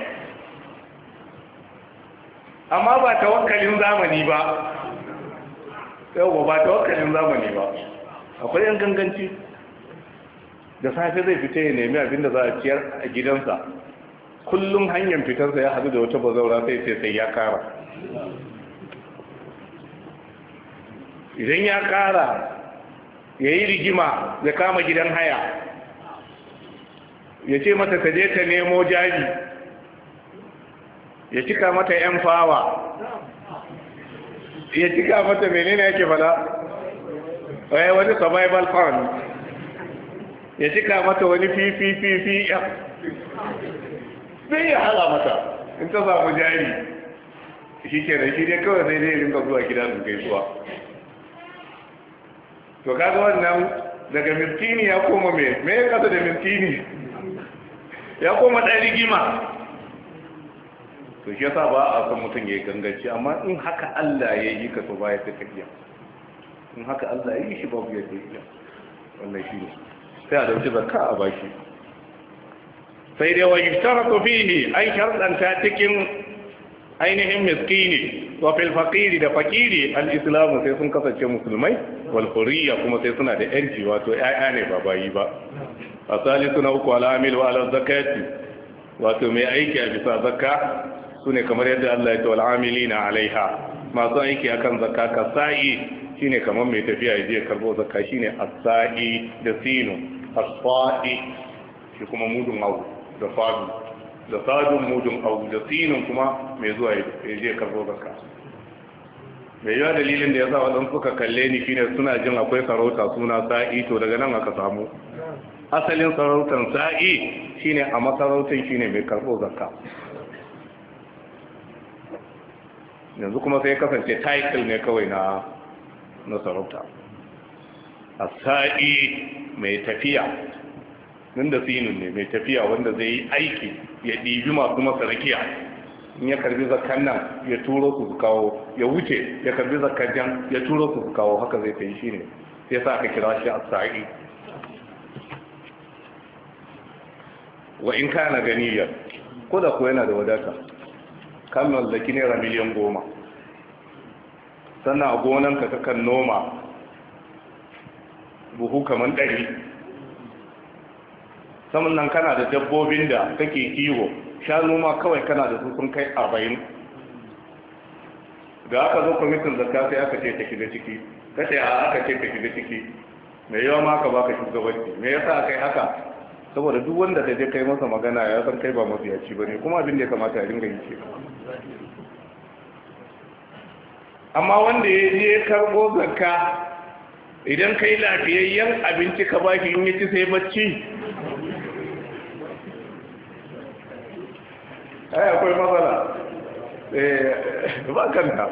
amma ba tawakkalin zamani ba yau ba tawakkalin zamani ba akwai yan ganganci da safe zai fita ya nemi abin da za a ciyar a gidansa kullum hanyar fitarsa ya haɗu da wata bazaura sai sai sai ya kara idan ya kara ya yi rigima ya kama gidan haya ya ce mata ka je ta nemo jari ya cika mata yan fawa ya cika mata menene yake fada wai eh, wani survival fund ya cika mata wani pppf sai ya hala mata in ta samu jari shi ke da shi ne kawai zai zai rinka zuwa gida su zuwa. to kaga wannan daga miskini ya koma me me ya kasa da miskini ya koma ɗan rigima to shi yasa ba a san mutum ya yi ganganci amma in haka Allah ya yi ka so ba ya fi tafiya in haka Allah ya yi shi babu ya tafiya wannan shi ne sai a dauki zakka a baki sai dai wa yushtaratu fihi an sharɗanta cikin ainihin miskini wa fil faqiri da faqiri al islamu sai sun kasance musulmai wal kuma sai suna da yanci wato yaya ne ba bayi ba asalisu na uku ala wa ala zakati wato mai aiki a bisa zakka sune kamar yadda Allah ya ce wal amilina alaiha masu aiki akan zakka ka sa'i shine kamar mai tafiya ya je karbo zakka shine as-sa'i da sinu as-sa'i shi kuma mudun awu da fadu da sadun mudun abu da tsinin kuma mai zuwa ya je karbo baka mai yawa dalilin da ya sa waɗansu suka kalle ni shine suna jin akwai sarauta suna sa'i to daga nan aka samu asalin sarautar sa'i shine a masarautar shine mai karɓo zakka yanzu kuma sai kasance title ne kawai na na sarauta a sa'i mai tafiya don da sinin ne mai tafiya wanda zai yi aiki ya ɗibi masu masarakiya in ya karbi zakkan nan ya turo su kawo ya wuce ya karbi zakkan jan ya turo su kawo haka zai fahimci ne sai sa aka kira shi a sa'i wa in ka gani ganiyar ko da ko yana da wadata kan mallaki naira miliyan goma sannan a gonanka kan noma buhu kamar ɗari saman nan kana da dabbobin da kake kiwo shanu ma kawai kana da su sun kai arba'in da aka zo kwamitin ta sai aka ce ta shiga ciki ta ce a aka ce ta shiga ciki mai yawa ma aka baka shugabanci me yasa aka yi haka saboda duk wanda ta je kai masa magana ya san kai ba mafiyaci ba ne kuma abin da ya kamata ya dinga yi ce amma wanda ya je karbo zarka idan kai lafiyayyen abinci ka baki in ya ci sai bacci ai akwai matsala eh, ba kan ta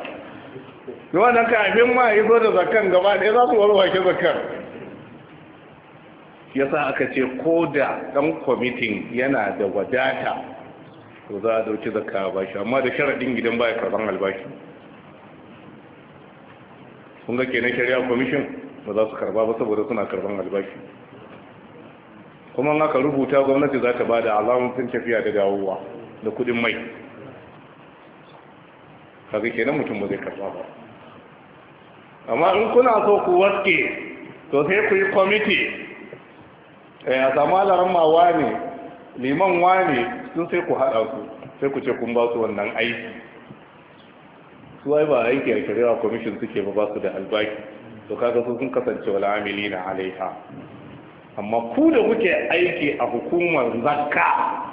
nan kafin ma yi zo da zakan gaba ɗaya za su warwake zakan ya sa aka ce ko da ɗan kwamitin yana da wadata to za a dauki zakka a bashi amma da sharaɗin gidan baya karɓar albashi kun ga kenan shari'a kwamishin ba za su karɓa ba saboda suna karɓar albashi kuma aka rubuta gwamnati za ta ba da alamun sun tafiya da dawowa da kudin mai kaga kenan mutum ba zai karba ba amma in kuna so ku waske to sai ku yi kwamiti eh, a samu alaran wani liman wane sun sai ku haɗa su sai ku ce kun ba su wannan aiki su ai ba aiki a kirewa kwamishin suke ba ba su da albaki to kaga su sun kasance wala amili na alaiha amma ku da kuke aiki a hukumar zakka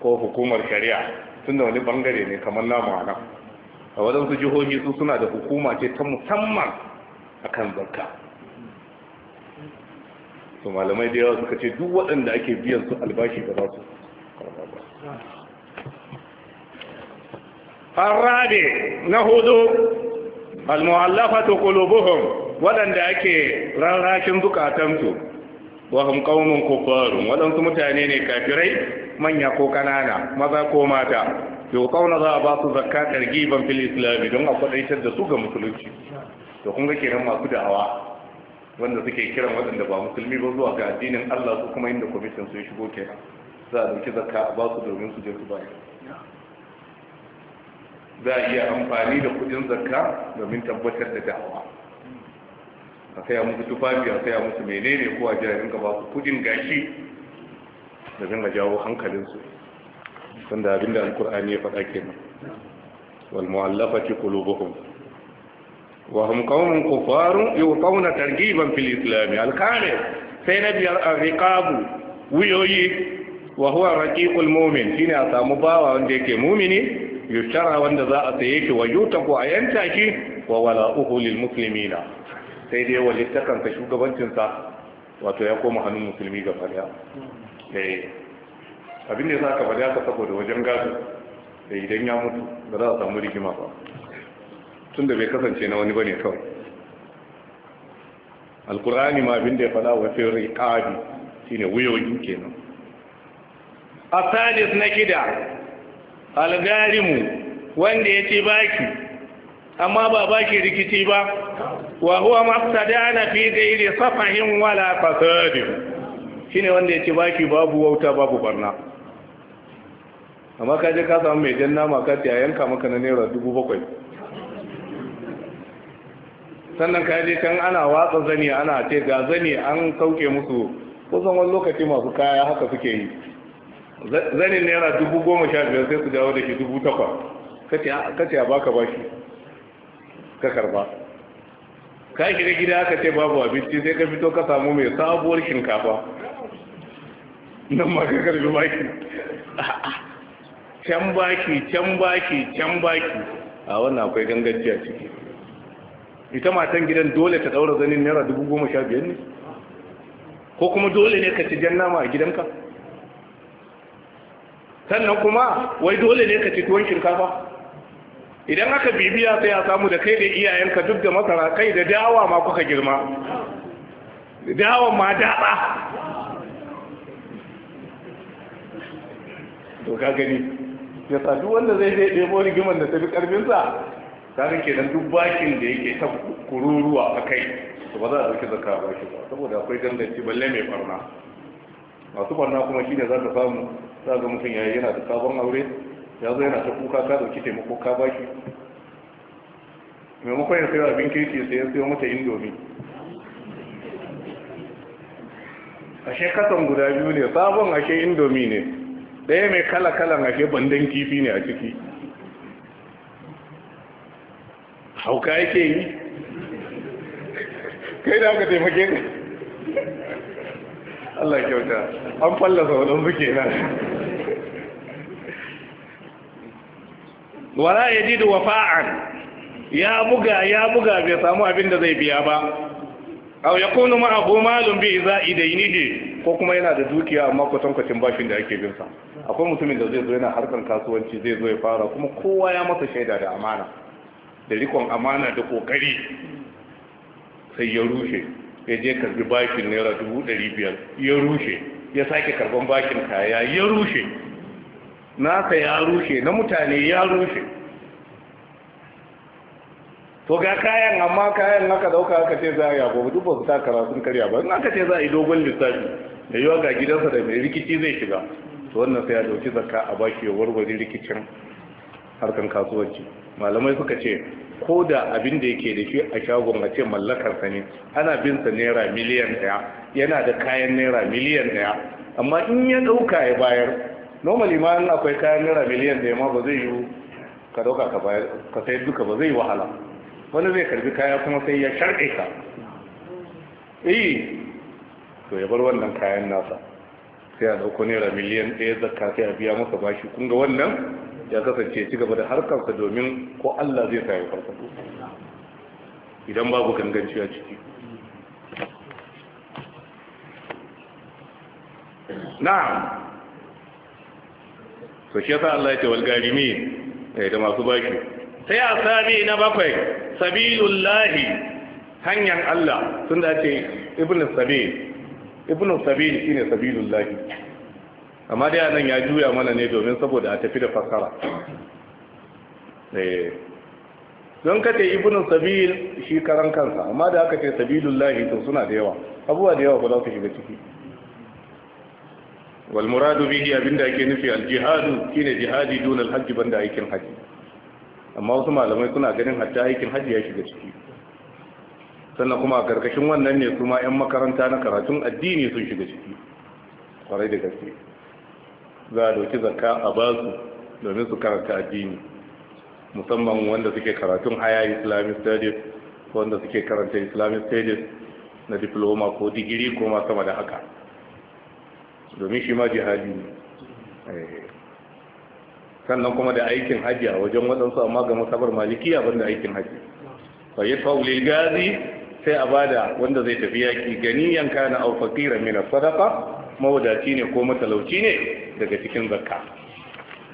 ko hukumar shari'a tunda wani bangare ne kamar namu a nan a wadansu jihohi su suna da hukuma ce ta musamman a kan zarka su malamai da yawa suka ce duk waɗanda ake biyan su albashi basu za na hudu almuhallafa ta kulubuhun waɗanda ake rarrakin zukatansu wa hum qaumun kuffarun su mutane ne kafirai manya ko kanana maza ko mata to kauna za a ba su zakka targiban fil islam don a kwadaitar da su ga musulunci to kun ga kenan masu da'awa wanda suke kiran waɗanda ba musulmi ba zuwa ga addinin Allah su kuma inda commission su ya shigo kenan za a dauki zakka a ba su domin su je su bayar za a iya amfani da kudin zakka domin tabbatar da da'awa a saya musu tufafi a saya musu menene ko a jiragen ka ba su kudin gashi da zan jawo san da abinda alkur'ani ya faɗa kenan wal mu'allafati qulubuhum wa hum qawmun kufaru yuqawna targiban fil islam al kare sai nabi al riqabu wiyoyi wa huwa raqiqul mu'min shine a samu bawa wanda yake mu'mini yushara wanda za a saye shi wa yutaku a yanta shi wa uhu lil muslimina sai dai ta ka shugabancinsa wato ya koma hannun musulmi ga fariya eh, abin da ya sa ka fariya ka saboda wajen gado da eh, idan ya mutu ba za a samu rigima ba tun da bai kasance na wani bane kawai alkurani ma abin da ya fada wa ƙari shi shine wuyoyi kenan asadis na kida algarimu wanda ya ce baki amma ba ba ke rikici ba wa huwa mafsadana fi ghairi safahin wala fasad shine wanda yake ba shi babu wauta babu barna amma ka je ka samu mai janna maka ta yanka maka na naira bakwai. sannan ka je can ana watsa zani ana ce ga zani an kauke musu kusan wani lokaci masu kaya haka suke yi zanin naira dubu goma sha biyar sai su dawo da shi dubu takwas kace a baka bashi ka karba ka shiga gida aka ce babu abinci sai ka fito ka samu mai sabuwar shinkafa nan ma ka karbi baki can baki can baki can baki a wannan akwai gangajiya ciki ita matan gidan dole ta daura zanin naira dubu goma sha biyar ne ko kuma dole ne ka ci jan nama a gidanka sannan kuma wai dole ne ka ci tuwon shinkafa idan aka bibiya sai a samu da kai da iyayenka duk da masara kai da dawa ma kuka girma dawa ma daɗa to ka gani ya sadu wanda zai zai ɗebo rigimar da ta tafi ƙarfinsa ke nan duk bakin da yake ta kururuwa a kai su ba za a ɗauki zaka ba shi ba saboda akwai gandanci balle mai barna masu barna kuma shine za ka samu za ga mutum yayi yana da sabon aure ya zo yana ta kuka ka dauki taimako ka ba shi maimakon ya sayo abin kirki sai ya sayo mata indomi ashe kasan guda biyu ne sabon ashe indomi ne ɗaya mai kala-kalan ashe bandan kifi ne a ciki hauka yake yi kai da aka taimake ka Allah kyauta an fallasa waɗansu kenan wala ya ji da wafa'an ya buga ya buga bai samu abin da zai biya ba au ya kunu ma abu malum bi za idainihi ko kuma yana da dukiya amma kusan kwacin bashin da ake bin sa akwai mutumin da zai zo yana harkar kasuwanci zai zo ya fara kuma kowa ya masa shaida da amana da rikon amana da kokari sai ya rushe ya je karbi bashin naira dubu ɗari biyar ya rushe ya sake karban bashin kaya ya rushe naka ya rushe na mutane ya rushe to ga kayan amma kayan naka dauka aka ce za a yabo duk ba su takara sun karya ba in aka ce za a yi dogon lissafi da yiwa ga gidansa da mai rikici zai shiga to wannan sai ya dauki zakka a baki ya warware rikicin harkan kasuwanci malamai suka ce ko da abin da yake da shi a shagon a ce mallakarsa ne ana bin sa naira miliyan daya yana da kayan naira miliyan daya amma in ya dauka ya bayar normally ma akwai kayan naira miliyan da ma ba zai yi ka dauka ka bayar ka sayar duka ba zai wahala wani zai karbi kaya kuma sai ya sharɗe ka eh, to ya bar wannan kayan nasa sai a dauko naira miliyan ɗaya zakka sai a biya masa bashi kun ga wannan ya kasance ci gaba da harkarsa domin ko Allah zai sa ya idan babu ganganci a ciki na'am to shi yasa Allah ya ce wal garimin eh da masu baki sai asabi na bakwai sabilullahi hanyar Allah sun da ce ibn sabil ibn sabil shine sabilullahi amma dai anan ya juya mana ne domin saboda a tafi da fasara eh don ce ibn sabil shi karan kansa amma da aka ce sabilullahi to suna da yawa abubuwa da yawa ba za su shiga ciki Walmuradu bihi abinda ake nufi al jihadu shine jihadi dun al hajji banda aikin haji amma wasu malamai suna ganin hatta aikin haji ya shiga ciki sannan kuma karkashin wannan ne kuma yan makaranta na karatun addini sun shiga ciki kwarai da gaske za a dauki zakka a basu domin su karanta addini musamman wanda suke karatun haya islamic studies wanda suke karanta islamic studies na diploma ko digiri ko ma sama da haka domin shi ma jihadi ne eh. sannan kuma da aikin hajji a wajen waɗansu amma ga masabar malikiya banda aikin haji fa yi faulil gazi sai a bada wanda zai tafi yaƙi gani yanka na fakira minna sadaka mawadaci ne ko matalauci ne daga cikin zakka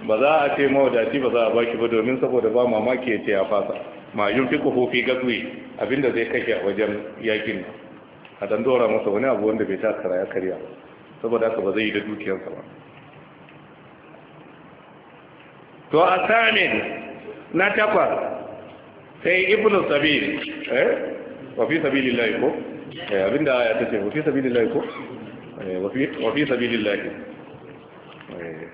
ba za a ce mawadaci ba za a baki ba domin saboda ba mamaki ya ce ya fasa ma yun fi kufufi gatsi abinda zai kashe a wajen yakin a dan dora masa wani abu wanda bai kara ya karya ba saboda haka ba zai yi da dukiyarsa ba to a samin na takwas sai ibnu sabil eh wa fi sabilillahi ko eh abinda aya ta ce wa fi sabilillahi ko eh wa fi sabilillahi eh,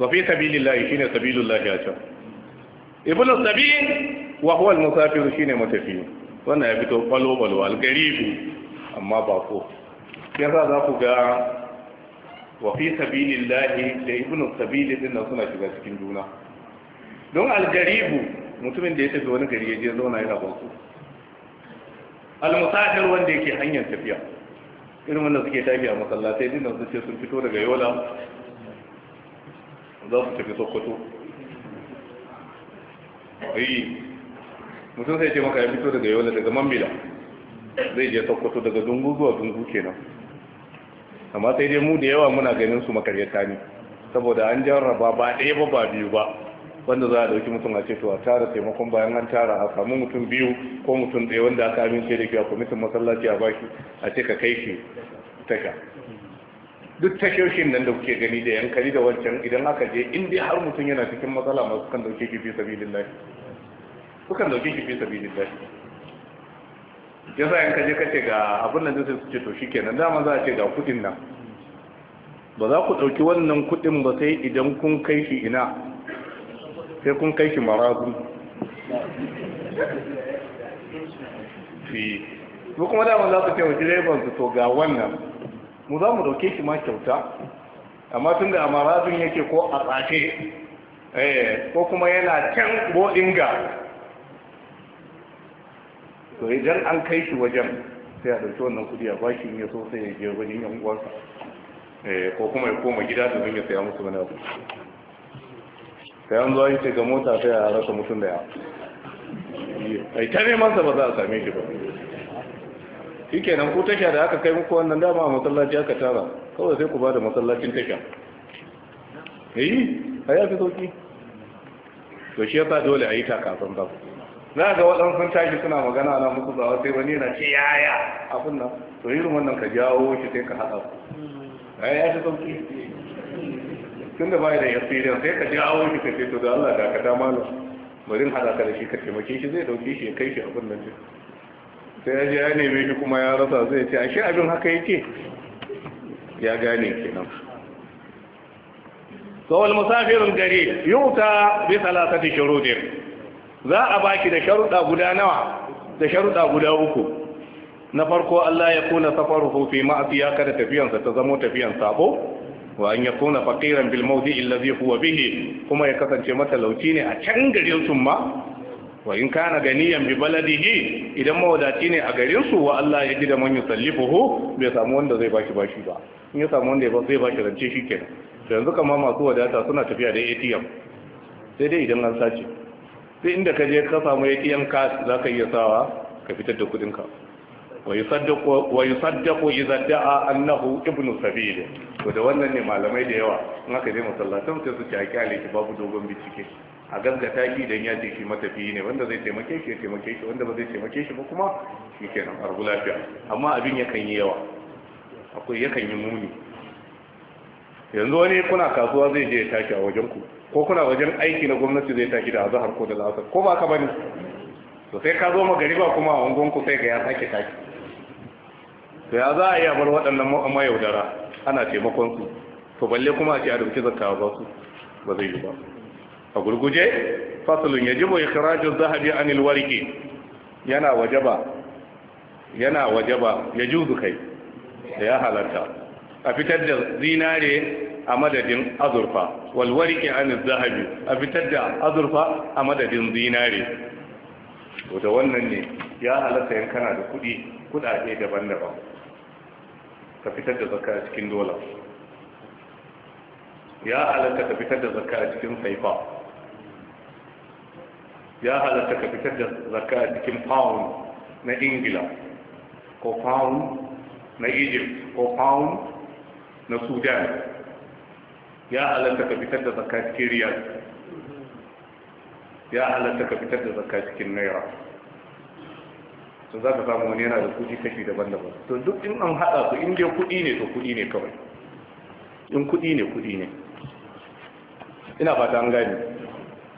wa fi sabilillahi shine sabilullahi a can ibnu sabil wa huwa al-musafir shine matafi wannan ya fito kwalo kwalo al-garibu amma ba ko shi yasa za ku ga wa fi sabilillahi da ibnu sabili din nan suna shiga cikin juna don aljaribu mutumin da ya tafi wani gari ya zauna yana bautu almusafir wanda yake hanyar tafiya irin wanda suke tafi a masallatai din nan suke sun fito daga yola za su tafi sokoto ayi mutum sai ce maka ya fito daga yola daga mambila zai je sokoto daga dungu zuwa dungu kenan amma sai dai mu da yawa muna ganin su makaryata ne saboda an jarraba ba ɗaya ba ba biyu ba wanda za a ɗauki mutum a ce to a tara taimakon bayan an tara a samu mutum biyu ko mutum ɗaya wanda aka amince da ke a kwamitin masallaci a baki a ce ka kai shi taka duk ta tashoshin nan da kuke gani da yankari da wancan idan aka je in dai har mutum yana cikin matsala masu kan dauke ki fi sukan ki fi ya sa yanka kaje kace ga abin da zai suke ce to shikenan dama za a ce ga kudin nan ba za ku ɗauki wannan kudin ba sai idan kun kai shi ina sai kun kai shi marazu Ko su kuma dama za su ce wa direban su to ga wannan mu za mu ɗauke shi ma kyauta amma tun da a marazun yake ko a tsafe eh, ko kuma yana can bodinga to idan an kai shi wajen sai a dauki wannan kudi a bashi in ya so sai ya je wajen yan uwansa eh, ko kuma ya koma gida domin ya saya musu wani abu sai an zo ce ga mota sai a rasa mutum da ya ai ta neman sa ba za a same shi ba shi kenan ku tasha da aka kai muku wannan dama a masallaci aka tara kawai sai ku ba da masallacin tasha eh a yafi sauki to shi yasa dole a yi kafin ba Na ga waɗansu sun tashi suna magana na muku zawa sai wani na ce yaya abin nan to irin wannan ka jawo shi sai ka haɗa ai ya shi sauki tun da bai da yasirin sai ka jawo shi ka ce to da Allah da ka ta malam bari in haɗa ka da shi ka taimake shi zai dauke shi ya kai shi abin nan sai ya je ya neme shi kuma ya rasa zai ce ashe abin haka yake ya gane kenan فهو المسافر الجريء يؤتى بثلاثة شروط za a baki da sharuɗa guda nawa da sharuɗa guda uku na farko Allah ya kuna safaruhu fi ma'asiya kada tafiyansa ta zamo tafiyan sabo wa an ya kuna faqiran bil mawdi'i allazi huwa bihi kuma ya kasance matalauci ne a can garin su ma wa in kana ganiyan bi baladihi idan mawadaci ne a garin su wa Allah ya ji da man yusallifuhu bai samu wanda zai bashi bashi ba in ya samu wanda zai bashi rance kenan. yanzu kamar masu wadata suna tafiya da ATM sai dai idan an sace sai inda ka je ka samu ya kiyan ka za ka iya sawa ka fitar da kudinka wa yi saddaku a annahu ibn sabili to da wannan ne malamai da yawa in aka je masallatan sai su ci a kyale babu dogon bincike a gaggata shi idan ya ce shi matafiyi ne wanda zai taimake shi ya taimake shi wanda ba zai taimake shi ba kuma shi kenan arbu lafiya amma abin ya kan yi yawa akwai yakan yi muni yanzu wani kuna kasuwa zai je ya tashi a wajen ku ko kuna wajen aiki na gwamnati zai tashi da azahar ko da la'asar ko ba ka bane to sai ka zo ba kuma a ku sai ga ya sake tashi to ya za a iya bar waɗannan yaudara, ana taimakon su to balle kuma a ce a dauki zakka ba su ba zai yi ba a gurguje fasalun yajibu ikhrajuz zahabi anil warqi yana wajaba yana wajaba yajuzu kai da ya halarta a fitar da zinare a madadin azurfa walwari ke an zahabi a fitar da azurfa a madadin zinare to da wannan ne ya halatta yan kana da kudi kudade daban-daban ka fitar da zakka a cikin dola ya halatta ka fitar da zakka a cikin saifa ya halatta ka fitar da zakka a cikin pound na ingila ko pound na egypt ko pound na sudan ya halatta ka fitar da zakka cikin riyal ya halatta ka fitar da zakka cikin naira to za ka samu wani yana da kudi kashi daban-daban to duk in an haɗa su in dai kudi ne to kudi ne kawai in kudi ne kudi ne ina fata an gani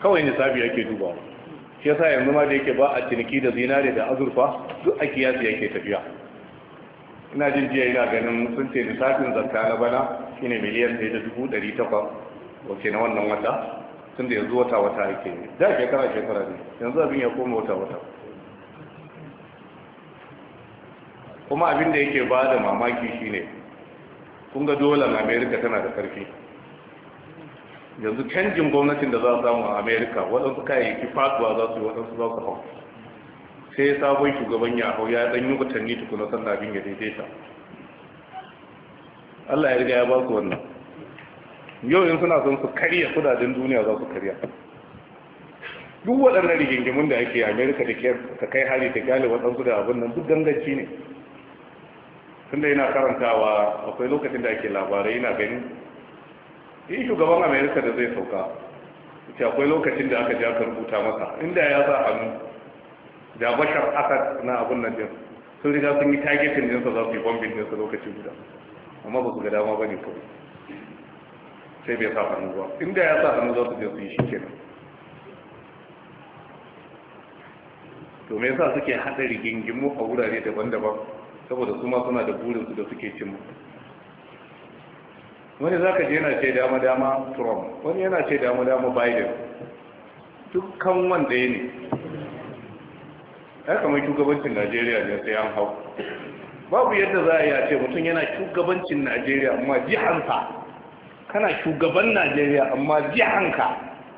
kawai sabi yake dubawa shi yasa yanzu ma da yake ba a ciniki da zinare da azurfa duk a kiyasi yake tafiya ina jin jiya ina ganin sun ce lissafin zakka na bana shine miliyan ɗaya da dubu ɗari takwas wace na wannan wata tun da yanzu wata wata ake yi da shekara shekara ne yanzu abin ya koma wata wata kuma abin da yake ba da mamaki shine kun ga dolan amerika tana da karfi yanzu canjin gwamnatin da za a samu a amerika waɗansu kayayyaki faɗuwa za su yi waɗansu za su hau sai sabon shugaban ya hau ya ɗan yi watanni tukuna sannan abin ya daidaita Allah ya riga ya ba ku wannan yau in suna son su karya kudaden duniya za su karya duk waɗannan rigingimun da ake amerika da ka kai hari ta gane waɗansu da abin nan duk ganganci ne tunda yana karantawa akwai lokacin da ake labarai yana gani yi shugaban amerika da zai sauka ita akwai lokacin da aka ji aka rubuta masa inda ya sa hannu da bashar asad na abin nan din sun riga sun yi targetin dinsa za su yi bombin dinsa lokaci guda amma ba su ga dama ba ne kawai sai bai sa hannu ba inda ya sa hannu za su je su yi shi kenan to me yasa suke hada rigingimu a wurare daban-daban saboda su ma suna da burin su da suke cimma wani ka je yana ce dama dama Trump wani yana ce dama dama Biden dukkan wanda ya ne ya kamar shugabancin Najeriya ne sai an hau babu yadda za a yi ce mutum yana shugabancin najeriya amma jihansa kana shugaban najeriya amma jihanka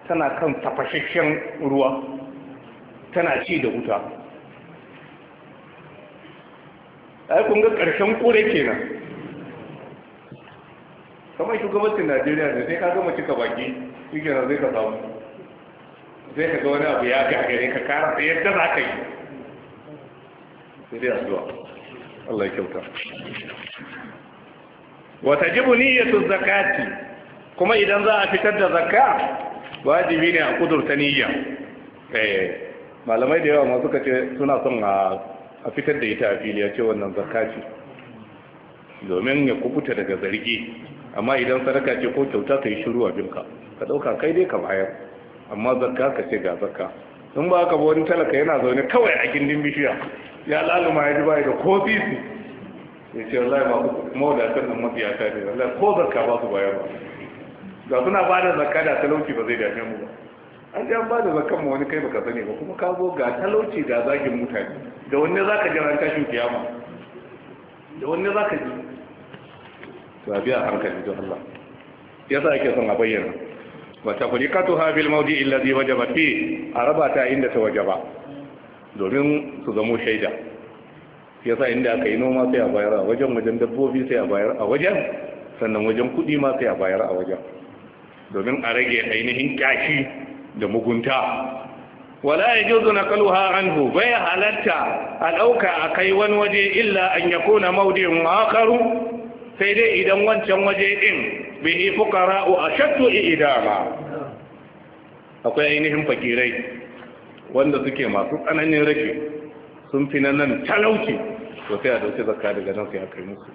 tana kan tafashashen ruwa tana ci da wuta ai kun ga ƙarshen kore kenan kamar shugabancin najeriya da sai ka gama cika baki shi kenan zai ka samu zai ka ga wani abu ya gagare ka kara yadda za ka yi sai dai Allah ya kyauta wa tajibu niyyatu zakati kuma idan za a fitar da zakka wajibi ne a kudurta niyya eh malamai da yawa masu kace suna son a fitar da ita a fili ya ce wannan zakati domin ya kubuta daga zargi amma idan sadaka ce ko kyauta ka yi shiru abinka ka ɗauka kai dai ka bayar amma zakka ka ce ga zakka in ba ka wani talaka yana zaune kawai a gindin bishiya ya laluma ya ji bayi da ko sisi ya ce wallahi ba kan nan mafiya ta ne wallahi ko zarka ba su bayar ba da suna ba da zakka da talauci ba zai dame mu ba an ji an ba da zakkan ma wani kai baka sani ba kuma ka zo ga talauci ga zagin mutane da wanne za ka jira tashin kiyama da wanne za ka ji ba a biya hankali don Allah ya sa ake son a bayyana wa tafriqatuha bil mawdi' alladhi wajaba fi araba ta inda ta wajaba domin su zamo shaida yasa inda aka yi noma sai a bayar a wajen wajen dabbobi sai a bayar a wajen sannan wajen kudi ma sai a bayar a wajen domin a rage ainihin kyashi da mugunta wala yajuzu naqluha anhu bai halatta a ɗauka a kai wani waje illa an yakuna mawdi'un akharu sai dai idan wancan waje din bihi fuqara'u ashaddu i'dama akwai ainihin fakirai wanda suke masu tsananin rage sun fi nan talauci to sai a dauki zakka daga nan sai a kai musu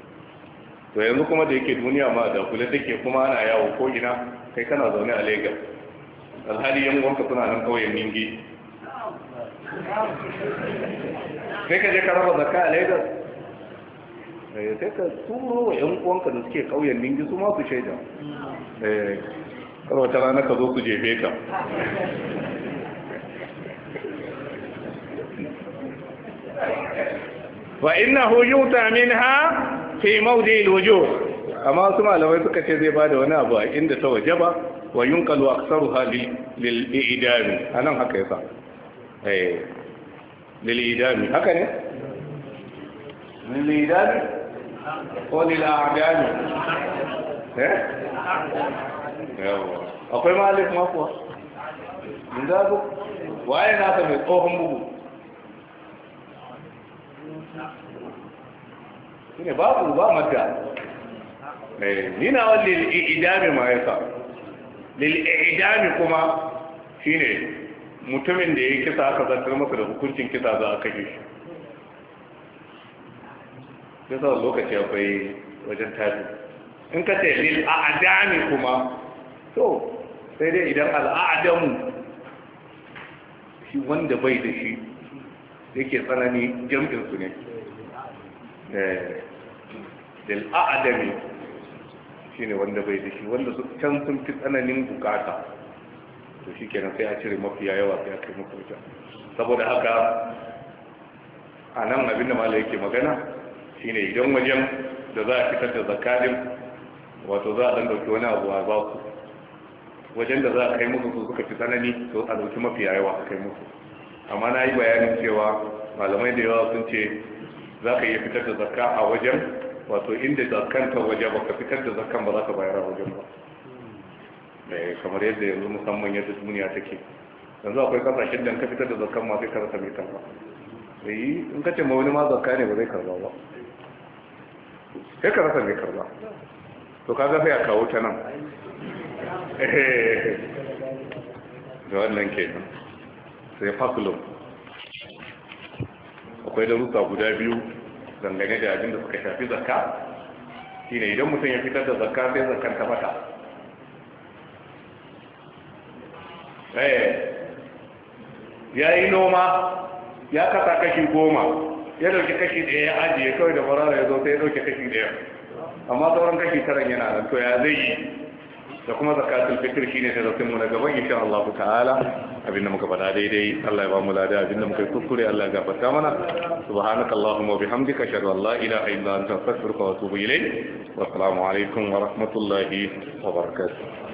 to yanzu kuma da yake duniya ma da kula take kuma ana yawo ko ina kai kana zaune a Lagos alhali yan gwanka suna nan kauyen Ningi sai ka je ka raba zakka a Lagos Eh, sai ka turo wa yan uwanka da suke ƙauyen ninji su ma su shaida eh, kar wata rana ka zo ku jefe ka wa innahu yuta minha fi mawdi alwujuh amma su malamai suka ce zai bada wani abu a inda ta waje ba wa yunqalu aktsaruha lil idami anan haka yasa eh lil idami haka ne lil idami wani la'adani eh akwai malik makuwa in ku. waye nasa mai tsohon bugu Shine babu ba madda. mata nina wani lil'idami ma ya sa lil'idami kuma shine mutumin da ya yi kisa aka zartar masa da hukuncin kisa za a kashe shi sai lokaci akwai wajen tafi in ka ce lil a'adami kuma to sai dai idan al'adamu shi wanda bai da shi yake tsanani jam'in su ne eh, lil a'adami shine wanda bai da shi wanda su can sun fi tsananin bukata to shi kenan sai a cire mafiya yawa sai a kai muku saboda haka a nan abinda mala yake magana shine idan wajen da za a fitar da zakadin wato za a dan dauki wani abu a ba ku wajen da za a kai musu su suka fi tsanani to a dauki mafi yawa a kai musu amma na yi bayanin cewa malamai da yawa sun ce za ka iya fitar da zakka a wajen wato inda zakkan ta waje ba ka fitar da zakkan ba za ka bayar a wajen ba eh, kamar yadda yanzu musamman yadda duniya take yanzu akwai kasashen da ka fitar da zakkan ma sai ka rasa mai karba sai eh, in ka ce ma wani ma zakka ne ba zai karba ba sai ka rasa mai karba to ka zafi a kawo ta nan eh. da wannan kenan sai fasulun akwai darussa guda biyu dangane da abin da suka shafi zakka ne idan mutum ya fitar da zakka sai zarkar ta mata eh. ya yi noma ya kasa kashi goma ya dauki kashi da ya ajiye kawai da farara ya zo sai ya dauki kashi da ya amma sauran kashi taran yana nan to ya zai yi da kuma zakatul fitr ne da zakin mu na gaban insha Allah ta'ala abinda muka faɗa daidai Allah ya ba mu lada abinda muka kuskure Allah ya gafarta mana subhanaka allahumma wa bihamdika ashhadu an la ilaha illa anta astaghfiruka wa atubu ilayk wa assalamu alaikum wa rahmatullahi wa barakatuh